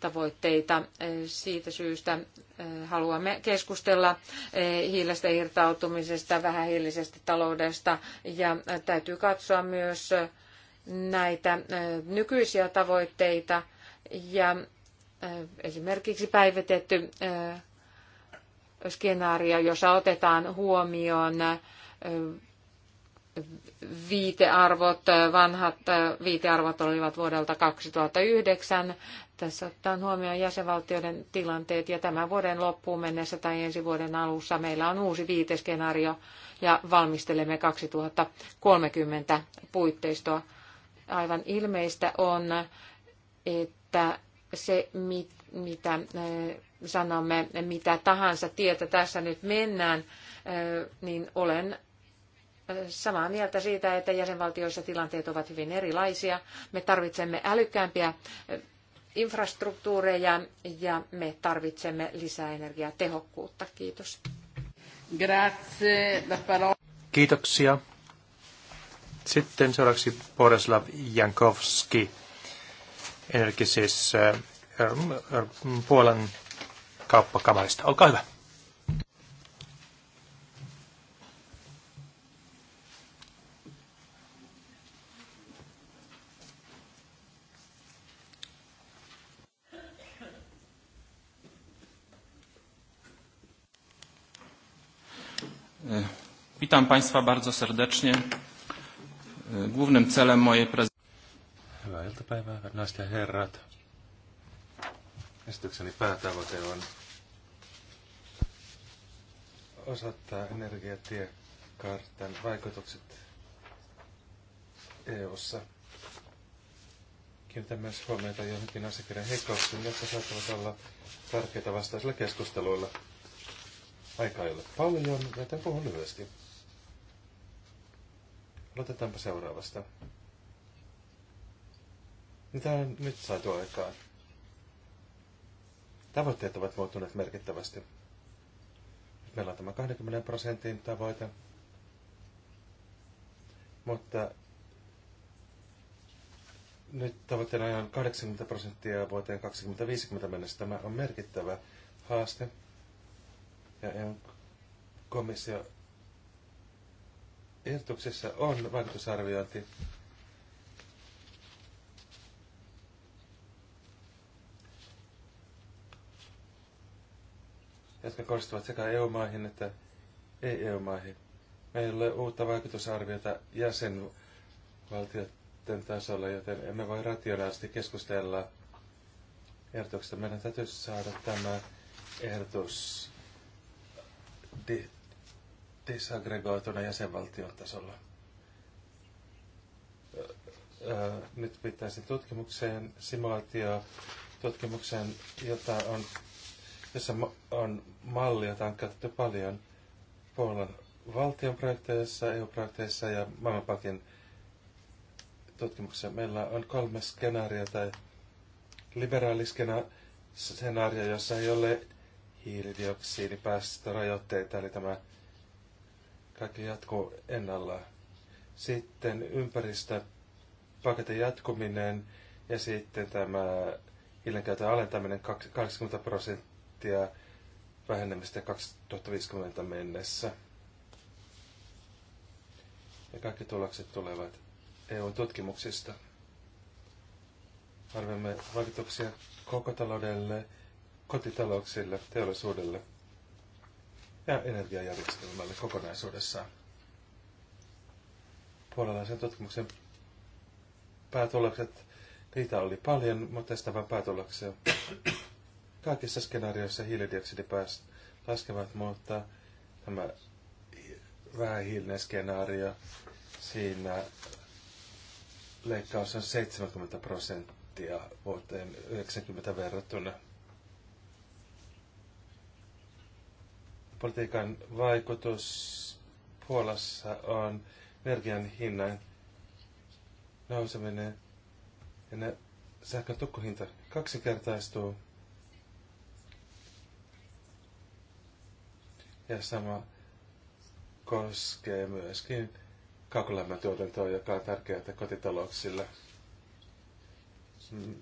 tavoitteita. Siitä syystä haluamme keskustella hiilestä irtautumisesta, vähähiilisestä taloudesta ja täytyy katsoa myös näitä nykyisiä tavoitteita ja esimerkiksi päivitetty skenaario, jossa otetaan huomioon viitearvot, vanhat viitearvot olivat vuodelta 2009. Tässä ottaen huomioon jäsenvaltioiden tilanteet ja tämän vuoden loppuun mennessä tai ensi vuoden alussa meillä on uusi viiteskenaario ja valmistelemme 2030 puitteistoa. Aivan ilmeistä on, että se, mitä eh, sanomme, mitä tahansa tietä tässä nyt mennään, eh, niin olen samaa mieltä siitä, että jäsenvaltioissa tilanteet ovat hyvin erilaisia. Me tarvitsemme älykkäämpiä infrastruktuureja ja me tarvitsemme lisää energiatehokkuutta. Kiitos. Kiitoksia. Sitten seuraavaksi Borislav Jankowski, energisys Puolan kauppakamarista. Olkaa hyvä. Witam Państwa bardzo serdecznie. Głównym celem mojej prezentacji... Hyvää iltapäivää, naiset ja herrat. Esitykseni päätavoite on osoittaa energiatiekartan vaikutukset EU-ssa. Kiinnitän myös huomiota johonkin asiakirjan heikkouksiin, jotka saattavat olla tärkeitä vastaisilla keskusteluilla. Aika ei ole paljon, joten puhun lyhyesti. Aloitetaanpa seuraavasta. Mitä on nyt saatu aikaan? Tavoitteet ovat muuttuneet merkittävästi. Nyt meillä on tämä 20 prosentin tavoite, mutta nyt tavoitteena on 80 prosenttia vuoteen 2050 mennessä. Tämä on merkittävä haaste. Ja e komissio ehdotuksessa on vaikutusarviointi. jotka kohdistuvat sekä EU-maihin että ei-EU-maihin. Meillä ei ole uutta vaikutusarviota jäsenvaltioiden tasolla, joten emme voi rationaalisesti keskustella ehdotuksesta. Meidän täytyisi saada tämä ehdotus disaggregoituna jäsenvaltion tasolla. Nyt pitäisi tutkimukseen, simulaatio tutkimukseen, jota on, jossa on malli, jota on käytetty paljon Puolan valtion projekteissa, EU-projekteissa ja Maailmanpankin tutkimuksessa. Meillä on kolme skenaariota. Liberaaliskenaario, jossa ei ole hiilidioksidipäästörajoitteita, eli tämä kaikki jatkuu ennalla. Sitten ympäristöpaketin jatkuminen ja sitten tämä hiilenkäytön alentaminen 80 prosenttia vähenemistä 2050 mennessä. Ja kaikki tulokset tulevat EU-tutkimuksista. Arvemme vaikutuksia koko taloudelle, kotitalouksille, teollisuudelle – ja energiajärjestelmälle kokonaisuudessaan. Puolalaisen tutkimuksen päätulokset, niitä oli paljon, mutta tästävän päätuloksia. Kaikissa skenaarioissa hiilidioksidipäästöt laskevat, mutta tämä vähähiilinen skenaario, siinä leikkaus on 70 prosenttia vuoteen 90 verrattuna – politiikan vaikutus Puolassa on energian hinnan nouseminen ja ne sähkön tukkuhinta kaksinkertaistuu. Ja sama koskee myöskin kaukolämmöntuotantoa, joka on tärkeää kotitalouksille.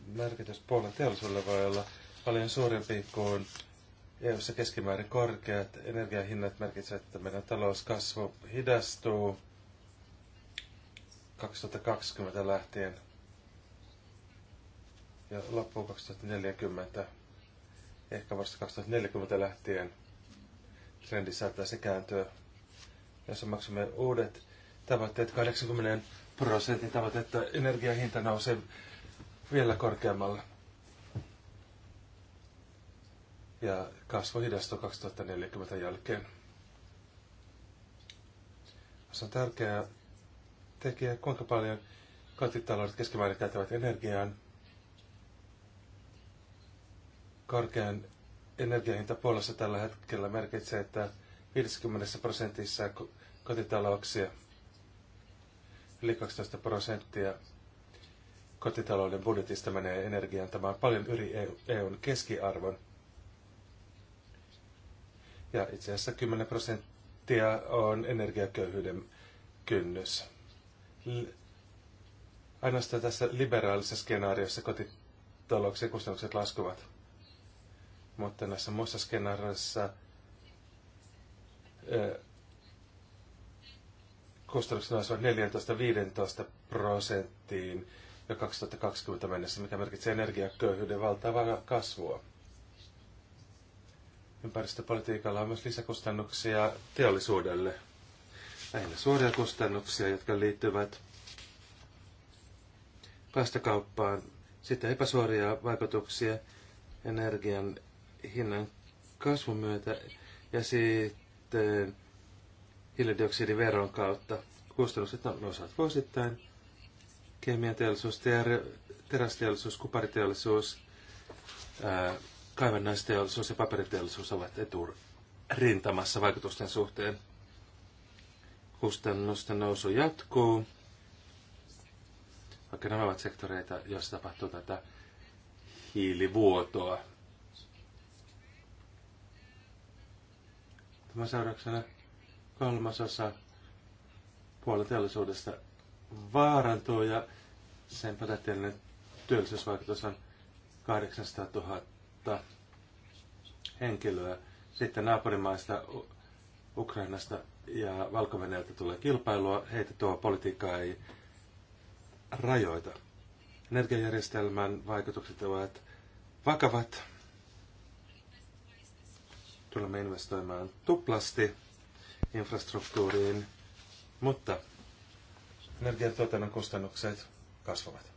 Merkitys puolen teollisuudelle voi olla paljon suurempi kuin EU-ssa keskimäärin korkeat energiahinnat merkitsevät, että meidän talouskasvu hidastuu 2020 lähtien ja loppuun 2040, ehkä vasta 2040 lähtien trendi saattaisi kääntyä, jos maksamme uudet tavoitteet, 80 prosentin tavoitetta, energiahinta nousee vielä korkeammalle. ja kasvu hidastuu 2040 jälkeen. Se on tärkeä tekijä, kuinka paljon kotitaloudet keskimäärin käyttävät energiaan. Korkean energiahinta puolessa tällä hetkellä merkitsee, että 50 prosentissa kotitalouksia yli 12 prosenttia kotitalouden budjetista menee energiaan. Tämä on paljon yli EUn e keskiarvon ja itse asiassa 10 prosenttia on energiaköyhyyden kynnys. Ainoastaan tässä liberaalisessa skenaariossa kotitalouksien kustannukset laskuvat. Mutta näissä muissa skenaarioissa kustannukset nousevat 14-15 prosenttiin jo 2020 mennessä, mikä merkitsee energiaköyhyyden valtavaa kasvua. Ympäristöpolitiikalla on myös lisäkustannuksia teollisuudelle. Lähinnä suoria kustannuksia, jotka liittyvät päästökauppaan. Sitten epäsuoria vaikutuksia energian hinnan kasvun myötä ja sitten hiilidioksidiveron kautta. Kustannukset nousevat vuosittain. Kemianteollisuus, ter- terästeollisuus, kupariteollisuus, ää, kaivannaisteollisuus ja paperiteollisuus ovat eturintamassa vaikutusten suhteen. Kustannusten nousu jatkuu, vaikka nämä ovat sektoreita, joissa tapahtuu tätä hiilivuotoa. Tämä seurauksena kolmasosa puoliteollisuudesta vaarantuu ja sen potentiaalinen työllisyysvaikutus on 800 000 henkilöä. Sitten naapurimaista Ukrainasta ja valko tulee kilpailua. Heitä tuo politiikka ei rajoita. Energiajärjestelmän vaikutukset ovat vakavat. Tulemme investoimaan tuplasti infrastruktuuriin, mutta energiantuotannon kustannukset kasvavat.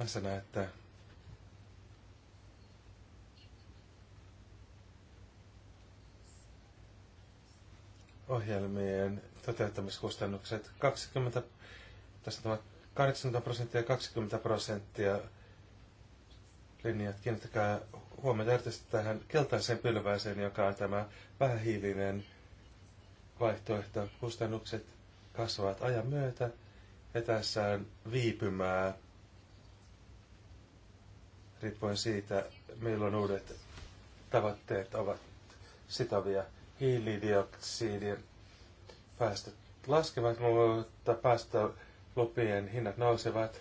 tässä sanoin, ohjelmien toteuttamiskustannukset 20, tässä 80 prosenttia ja 20 prosenttia linjat. Kiinnittäkää huomiota erityisesti tähän keltaiseen pylväiseen, joka on tämä vähähiilinen vaihtoehto. Kustannukset kasvavat ajan myötä ja tässä on viipymää riippuen siitä, milloin uudet tavoitteet ovat sitovia. Hiilidioksidin päästöt laskevat, mutta päästölupien hinnat nousevat.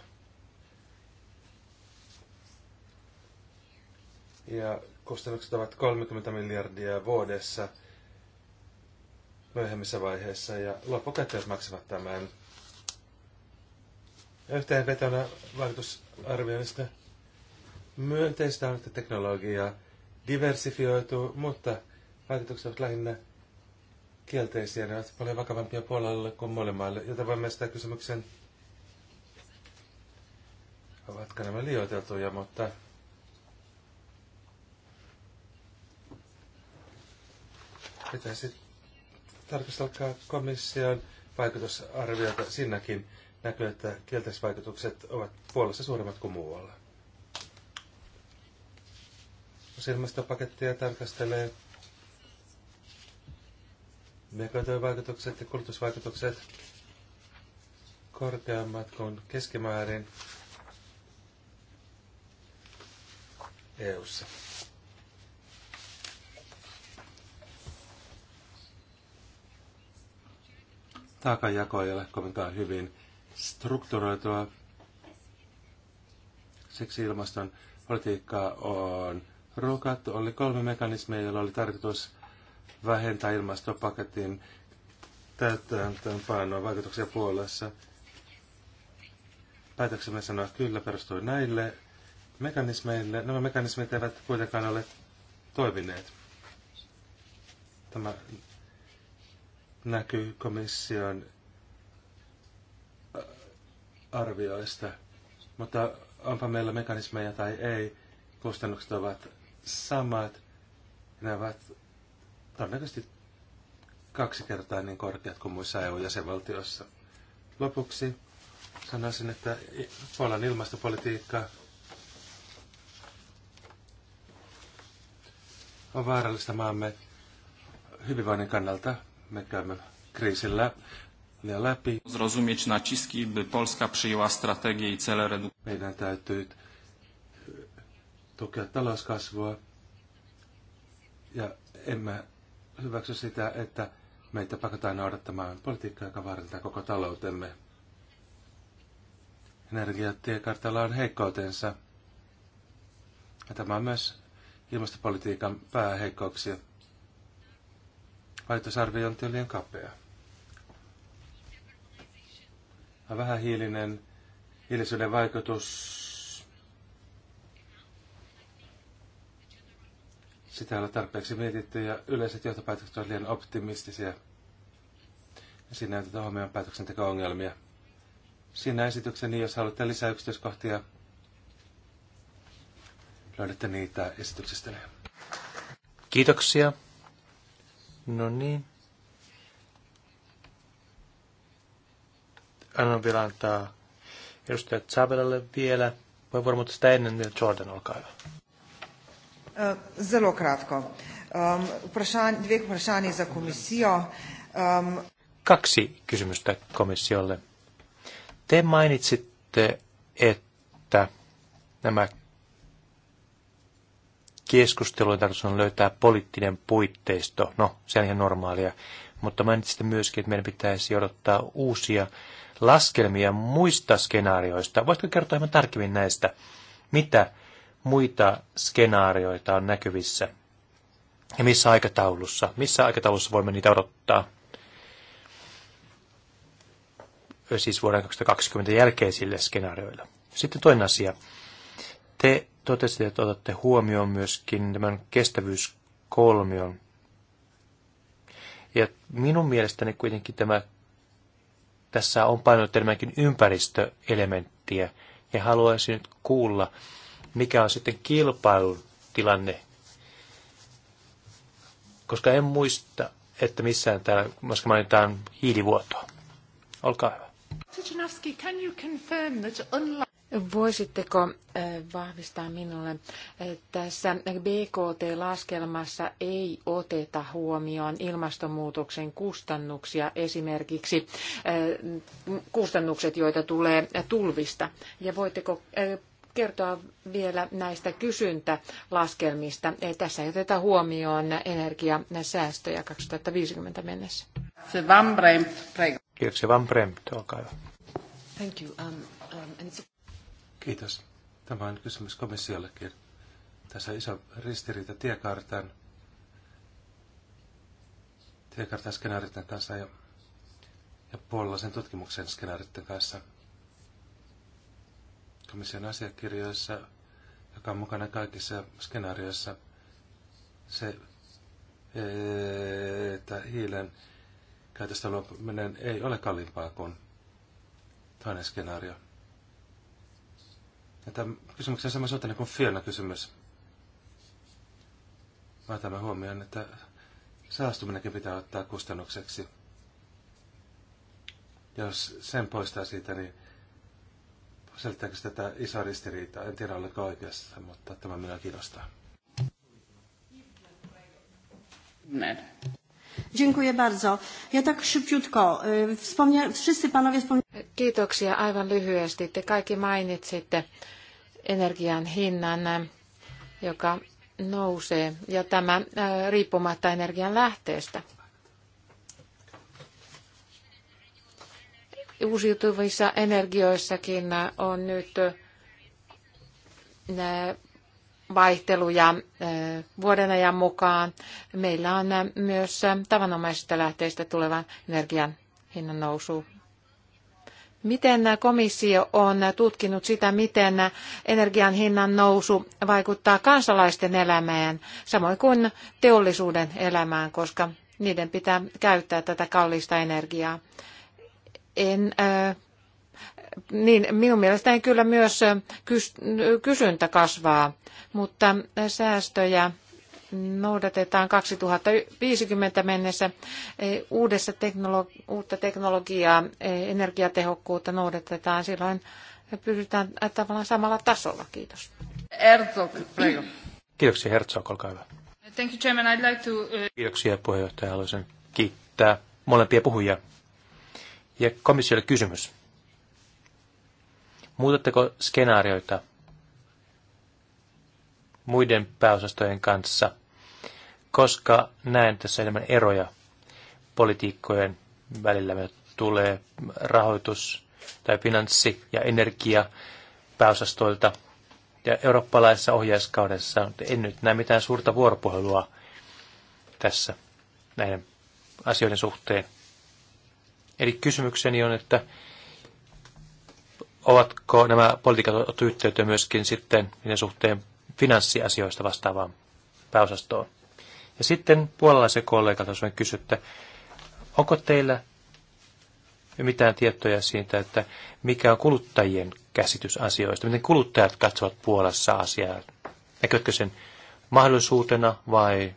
Ja kustannukset ovat 30 miljardia vuodessa myöhemmissä vaiheissa ja loppukäteen maksavat tämän. Yhteenvetona vaikutusarvioinnista Myönteistä on, että teknologia diversifioituu, mutta vaikutukset ovat lähinnä kielteisiä. Ne ovat paljon vakavampia puolelle kuin molemmalle, joten voimme estää kysymyksen, ovatko nämä liioiteltuja, mutta pitäisi tarkastella komission vaikutusarviota. Siinäkin näkyy, että kielteisvaikutukset ovat puolessa suuremmat kuin muualla. Jos ilmastopakettia tarkastelee, vaikutukset ja kulutusvaikutukset korkeammat kuin keskimäärin EU:ssa. Taakanjako ei ole kovinkaan hyvin strukturoitua. Siksi ilmaston politiikkaa on Rokat oli kolme mekanismia, joilla oli tarkoitus vähentää ilmastopaketin täyttöönpanoa vaikutuksia puolessa. Päätöksemme sanoa kyllä perustui näille mekanismeille. Nämä mekanismit eivät kuitenkaan ole toimineet. Tämä näkyy komission arvioista. Mutta onpa meillä mekanismeja tai ei, kustannukset ovat samat. Ne ovat todennäköisesti kaksi kertaa niin korkeat kuin muissa EU-jäsenvaltioissa. Lopuksi sanoisin, että Puolan ilmastopolitiikka on vaarallista maamme hyvinvoinnin kannalta. Me käymme kriisillä ja läpi. Zrozumieć naciski, by Polska przyjęła strategię i cele redukcji. Meidän täytyy tukea talouskasvua ja emme hyväksy sitä, että meitä pakotaan noudattamaan politiikkaa, joka vaarantaa koko taloutemme. Energiatiekartalla on heikkoutensa. Ja tämä on myös ilmastopolitiikan pääheikkouksia. Vaikutusarviointi on liian kapea. Vähähiilinen hiilisyyden vaikutus Sitä ei ole tarpeeksi mietitty ja yleiset johtopäätökset ovat liian optimistisia. Ja siinä ei tätä huomioon päätöksenteko-ongelmia. Siinä esitykseni, jos haluatte lisää yksityiskohtia, löydätte niitä esityksestä. Kiitoksia. No niin. Annan vielä antaa edustaja Zabelalle vielä Voi varmaan sitä ennen Jordan, olkaa hyvä. Eh, zelo kratko. dve vprašanje za komisijo. Kaksi kysymystä komissiolle. Te mainitsitte, että nämä keskustelujen tarkoitus on löytää poliittinen puitteisto. No, se on ihan normaalia. Mutta mainitsitte myöskin, että meidän pitäisi odottaa uusia laskelmia muista skenaarioista. Voisitko kertoa ihan tarkemmin näistä? Mitä muita skenaarioita on näkyvissä? Ja missä aikataulussa? Missä aikataulussa voimme niitä odottaa? Siis vuoden 2020 jälkeisille skenaarioille. Sitten toinen asia. Te totesitte, että otatte huomioon myöskin tämän kestävyyskolmion. Ja minun mielestäni kuitenkin tämä, tässä on painotettu enemmänkin ympäristöelementtiä. Ja haluaisin nyt kuulla, mikä on sitten kilpailutilanne. Koska en muista, että missään täällä, koska mainitaan hiilivuotoa. Olkaa hyvä. Voisitteko äh, vahvistaa minulle, että äh, tässä BKT-laskelmassa ei oteta huomioon ilmastonmuutoksen kustannuksia, esimerkiksi äh, kustannukset, joita tulee tulvista? Ja voitteko kertoa vielä näistä kysyntälaskelmista. tässä ei oteta huomioon energiasäästöjä 2050 mennessä. Se Van Bremt, Kiitoksia Van olkaa hyvä. Thank you. Um, um, and so... Kiitos. Tämä on kysymys komissiollekin. Tässä on iso ristiriita tiekartan, tiekartan skenaaritten kanssa ja, ja puolalaisen tutkimuksen skenaaritten kanssa – komission asiakirjoissa, joka on mukana kaikissa skenaarioissa, se, että hiilen käytöstä luopuminen ei ole kalliimpaa kuin toinen skenaario. Ja kysymys on samassa suhteellinen kuin Fiona-kysymys. Mä otan huomioon, että saastuminenkin pitää ottaa kustannukseksi. Jos sen poistaa siitä, niin selittääkö tätä isoa ristiriitaa? En tiedä, oliko oikeassa, mutta tämä minä kiinnostaa. Näin. Dziękuję bardzo. Ja tak szybciutko. Wspomnia... Wszyscy panowie wspomnia... Kiitoksia aivan lyhyesti. Te kaikki mainitsitte energian hinnan, joka nousee, ja tämä riippumatta energian lähteestä. Uusiutuvissa energioissakin on nyt vaihteluja vuodenajan mukaan. Meillä on myös tavanomaisista lähteistä tulevan energian hinnan nousu. Miten komissio on tutkinut sitä, miten energian hinnan nousu vaikuttaa kansalaisten elämään, samoin kuin teollisuuden elämään, koska niiden pitää käyttää tätä kallista energiaa en, niin minun mielestäni kyllä myös kysyntä kasvaa, mutta säästöjä noudatetaan 2050 mennessä e, uudessa teknologi- uutta teknologiaa, e, energiatehokkuutta noudatetaan silloin pysytään tavallaan samalla tasolla. Kiitos. Herzog, prego. Kiitoksia Herzog, olkaa hyvä. Thank you, Chairman. I'd like to... Kiitoksia puheenjohtaja. Haluaisin kiittää molempia puhujia ja komissiolle kysymys. Muutatteko skenaarioita muiden pääosastojen kanssa, koska näen tässä enemmän eroja politiikkojen välillä. Me tulee rahoitus tai finanssi- ja energia pääosastoilta. Ja eurooppalaisessa ohjauskaudessa en nyt näe mitään suurta vuoropuhelua tässä näiden asioiden suhteen. Eli kysymykseni on, että ovatko nämä politiikat otettu yhteyttä myöskin sitten niiden suhteen finanssiasioista vastaavaan pääosastoon? Ja sitten puolalaisen kollegalta jos kysyttä, onko teillä mitään tietoja siitä, että mikä on kuluttajien käsitys asioista, miten kuluttajat katsovat Puolassa asiaa, näkyvätkö sen mahdollisuutena vai,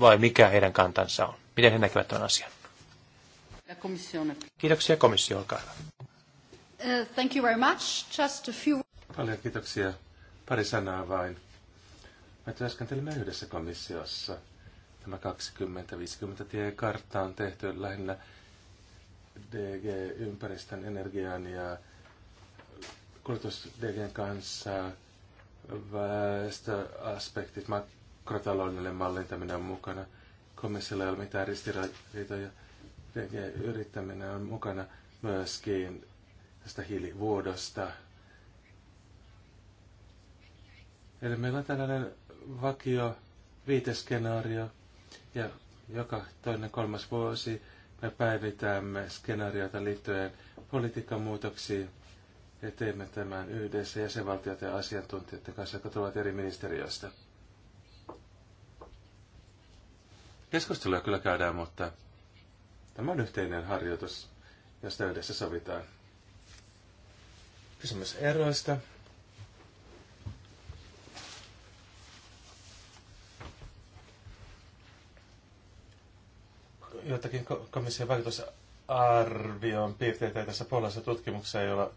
vai mikä heidän kantansa on, miten he näkevät tämän asian. Kiitoksia komissio, olkaa hyvä. Uh, thank you very much. Just a few... Paljon kiitoksia. Pari sanaa vain. Me työskentelimme yhdessä komissiossa. Tämä 20-50 tiekartta on tehty lähinnä DG-ympäristön energian ja kulutus DGn kanssa väestöaspektit, makrotaloudellinen mallintaminen on mukana. Komissiolla ei ole mitään ristiriitoja tekee yrittäminen on mukana myöskin tästä hiilivuodosta. Eli meillä on tällainen vakio viiteskenaario ja joka toinen kolmas vuosi me päivitämme skenaariota liittyen politiikan muutoksiin ja teemme tämän yhdessä jäsenvaltiot ja asiantuntijoiden kanssa, jotka tulevat eri ministeriöistä. Keskustelua kyllä käydään, mutta Tämä on yhteinen harjoitus, josta yhdessä sovitaan. Kysymys eroista. Jotakin komission vaikutusarvion piirteitä tässä puolessa tutkimuksessa ei ole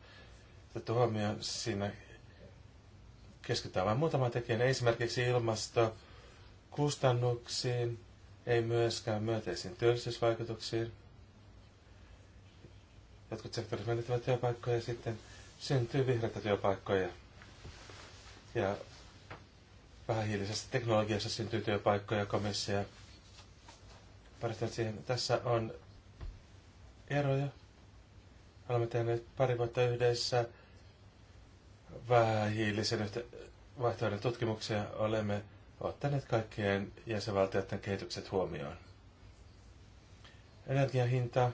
otettu huomioon. Siinä keskitytään vain muutamaan tekijään, esimerkiksi ilmasto, kustannuksiin, ei myöskään myönteisiin työllisyysvaikutuksiin. Jotkut sektorit menettävät työpaikkoja ja sitten syntyy vihreitä työpaikkoja. Ja vähähiilisessä teknologiassa syntyy työpaikkoja komissia. Päästään siihen. Tässä on eroja. Olemme tehneet pari vuotta yhdessä vähähiilisen vaihtoehdon tutkimuksia. Olemme ottaneet kaikkien jäsenvaltioiden kehitykset huomioon. hinta,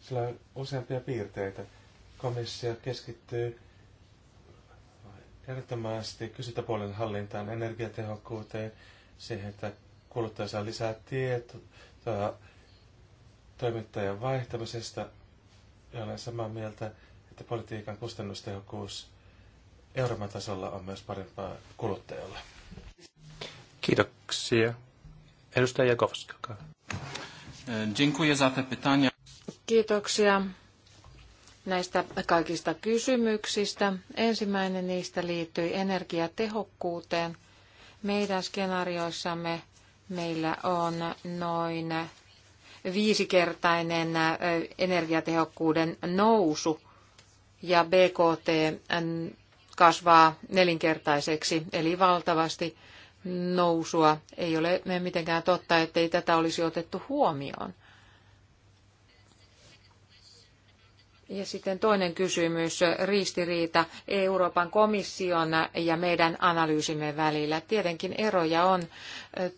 sillä on useampia piirteitä. Komissio keskittyy erittäin kysyntäpuolen hallintaan, energiatehokkuuteen, siihen, että kuluttaja saa lisää tietoa toimittajan vaihtamisesta, ja olen samaa mieltä, että politiikan kustannustehokkuus Euroopan tasolla on myös parempaa kuluttajalle. Kiitoksia. Edustaja Jakovska, olkaa Dziękuję pytania. Kiitoksia näistä kaikista kysymyksistä. Ensimmäinen niistä liittyi energiatehokkuuteen. Meidän skenaarioissamme meillä on noin viisikertainen energiatehokkuuden nousu ja BKT kasvaa nelinkertaiseksi, eli valtavasti nousua. Ei ole mitenkään totta, ettei tätä olisi otettu huomioon. Ja sitten toinen kysymys, ristiriita Euroopan komission ja meidän analyysimme välillä. Tietenkin eroja on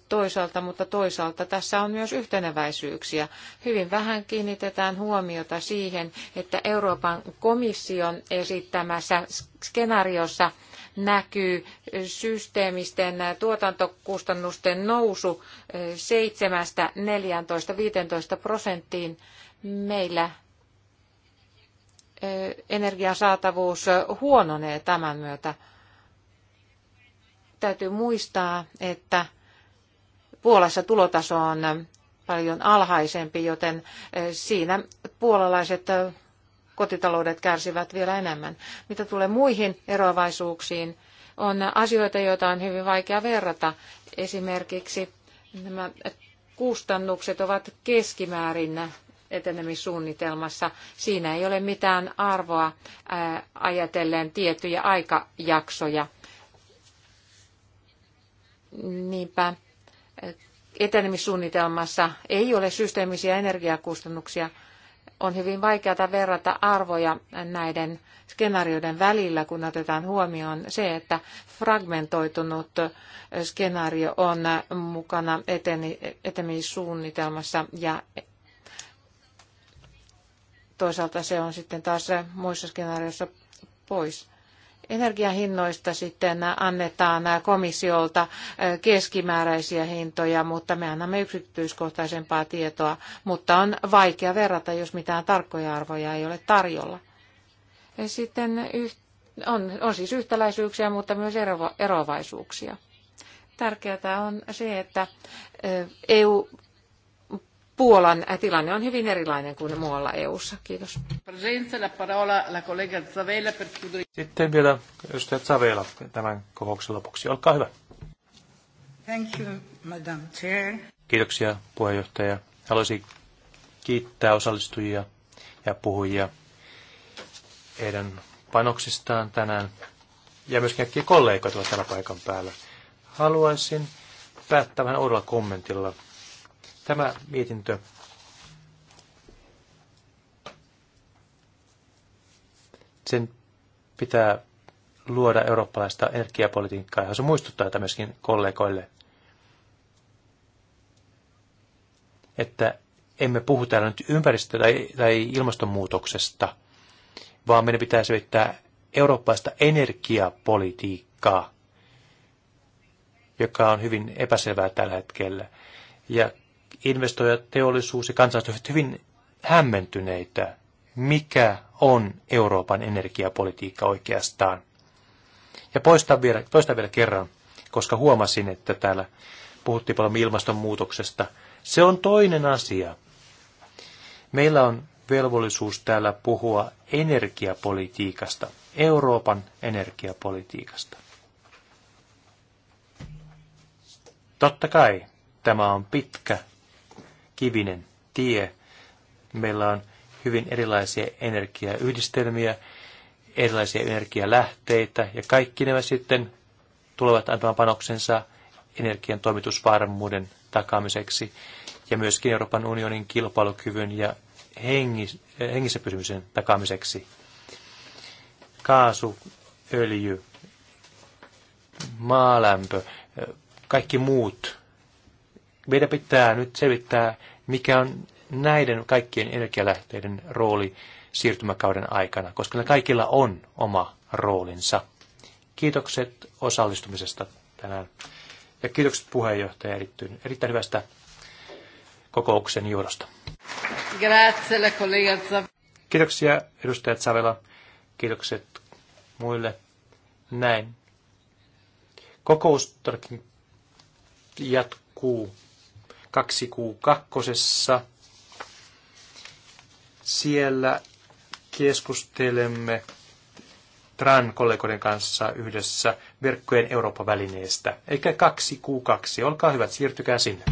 toisaalta, mutta toisaalta tässä on myös yhteneväisyyksiä. Hyvin vähän kiinnitetään huomiota siihen, että Euroopan komission esittämässä skenaariossa näkyy systeemisten tuotantokustannusten nousu 7-14-15 prosenttiin. Meillä energiasaatavuus huononee tämän myötä. Täytyy muistaa, että Puolassa tulotaso on paljon alhaisempi, joten siinä puolalaiset kotitaloudet kärsivät vielä enemmän. Mitä tulee muihin eroavaisuuksiin, on asioita, joita on hyvin vaikea verrata. Esimerkiksi nämä kustannukset ovat keskimäärin etenemissuunnitelmassa. Siinä ei ole mitään arvoa ajatellen tiettyjä aikajaksoja. Niinpä etenemissuunnitelmassa ei ole systeemisiä energiakustannuksia. On hyvin vaikeaa verrata arvoja näiden skenaarioiden välillä, kun otetaan huomioon se, että fragmentoitunut skenaario on mukana etenemissuunnitelmassa ja toisaalta se on sitten taas muissa skenaarioissa pois. Energiahinnoista sitten annetaan komissiolta eh, keskimääräisiä hintoja, mutta me annamme yksityiskohtaisempaa tietoa, mutta on vaikea verrata, jos mitään tarkkoja arvoja ei ole tarjolla. Sitten on, on siis yhtäläisyyksiä, mutta myös ero, eroavaisuuksia. Tärkeää on se, että eh, EU Puolan tilanne on hyvin erilainen kuin muualla EU-ssa. Kiitos. Sitten vielä edustaja Zavela tämän kokouksen lopuksi. Olkaa hyvä. Thank you, Madam Chair. Kiitoksia puheenjohtaja. Haluaisin kiittää osallistujia ja puhujia heidän panoksistaan tänään ja myöskin kaikkia kollegoita täällä paikan päällä. Haluaisin päättää vähän uudella kommentilla – Tämä mietintö sen pitää luoda eurooppalaista energiapolitiikkaa, ja se muistuttaa tätä myöskin kollegoille, että emme puhu täällä nyt ympäristö- tai, tai ilmastonmuutoksesta, vaan meidän pitää selvittää eurooppalaista energiapolitiikkaa, joka on hyvin epäselvää tällä hetkellä. Ja investoijat, teollisuus ja kansalaiset ovat hyvin hämmentyneitä, mikä on Euroopan energiapolitiikka oikeastaan. Ja poistan vielä, toistan vielä kerran, koska huomasin, että täällä puhuttiin paljon ilmastonmuutoksesta. Se on toinen asia. Meillä on velvollisuus täällä puhua energiapolitiikasta, Euroopan energiapolitiikasta. Totta kai tämä on pitkä kivinen tie. Meillä on hyvin erilaisia energiayhdistelmiä, erilaisia energialähteitä ja kaikki nämä sitten tulevat antamaan panoksensa energian toimitusvarmuuden takaamiseksi ja myöskin Euroopan unionin kilpailukyvyn ja hengis, hengissä pysymisen takaamiseksi. Kaasu, öljy, maalämpö, kaikki muut meidän pitää nyt selvittää, mikä on näiden kaikkien energialähteiden rooli siirtymäkauden aikana, koska ne kaikilla on oma roolinsa. Kiitokset osallistumisesta tänään ja kiitokset puheenjohtaja erittäin, erittäin hyvästä kokouksen johdosta. kollega. Kiitoksia edustajat Savela. Kiitokset muille. Näin. Kokous jatkuu. 2 kakkosessa Siellä keskustelemme TRAN-kollegoiden kanssa yhdessä verkkojen Eurooppa-välineestä. Eikä 2Q2. Olkaa hyvät, siirtykää sinne.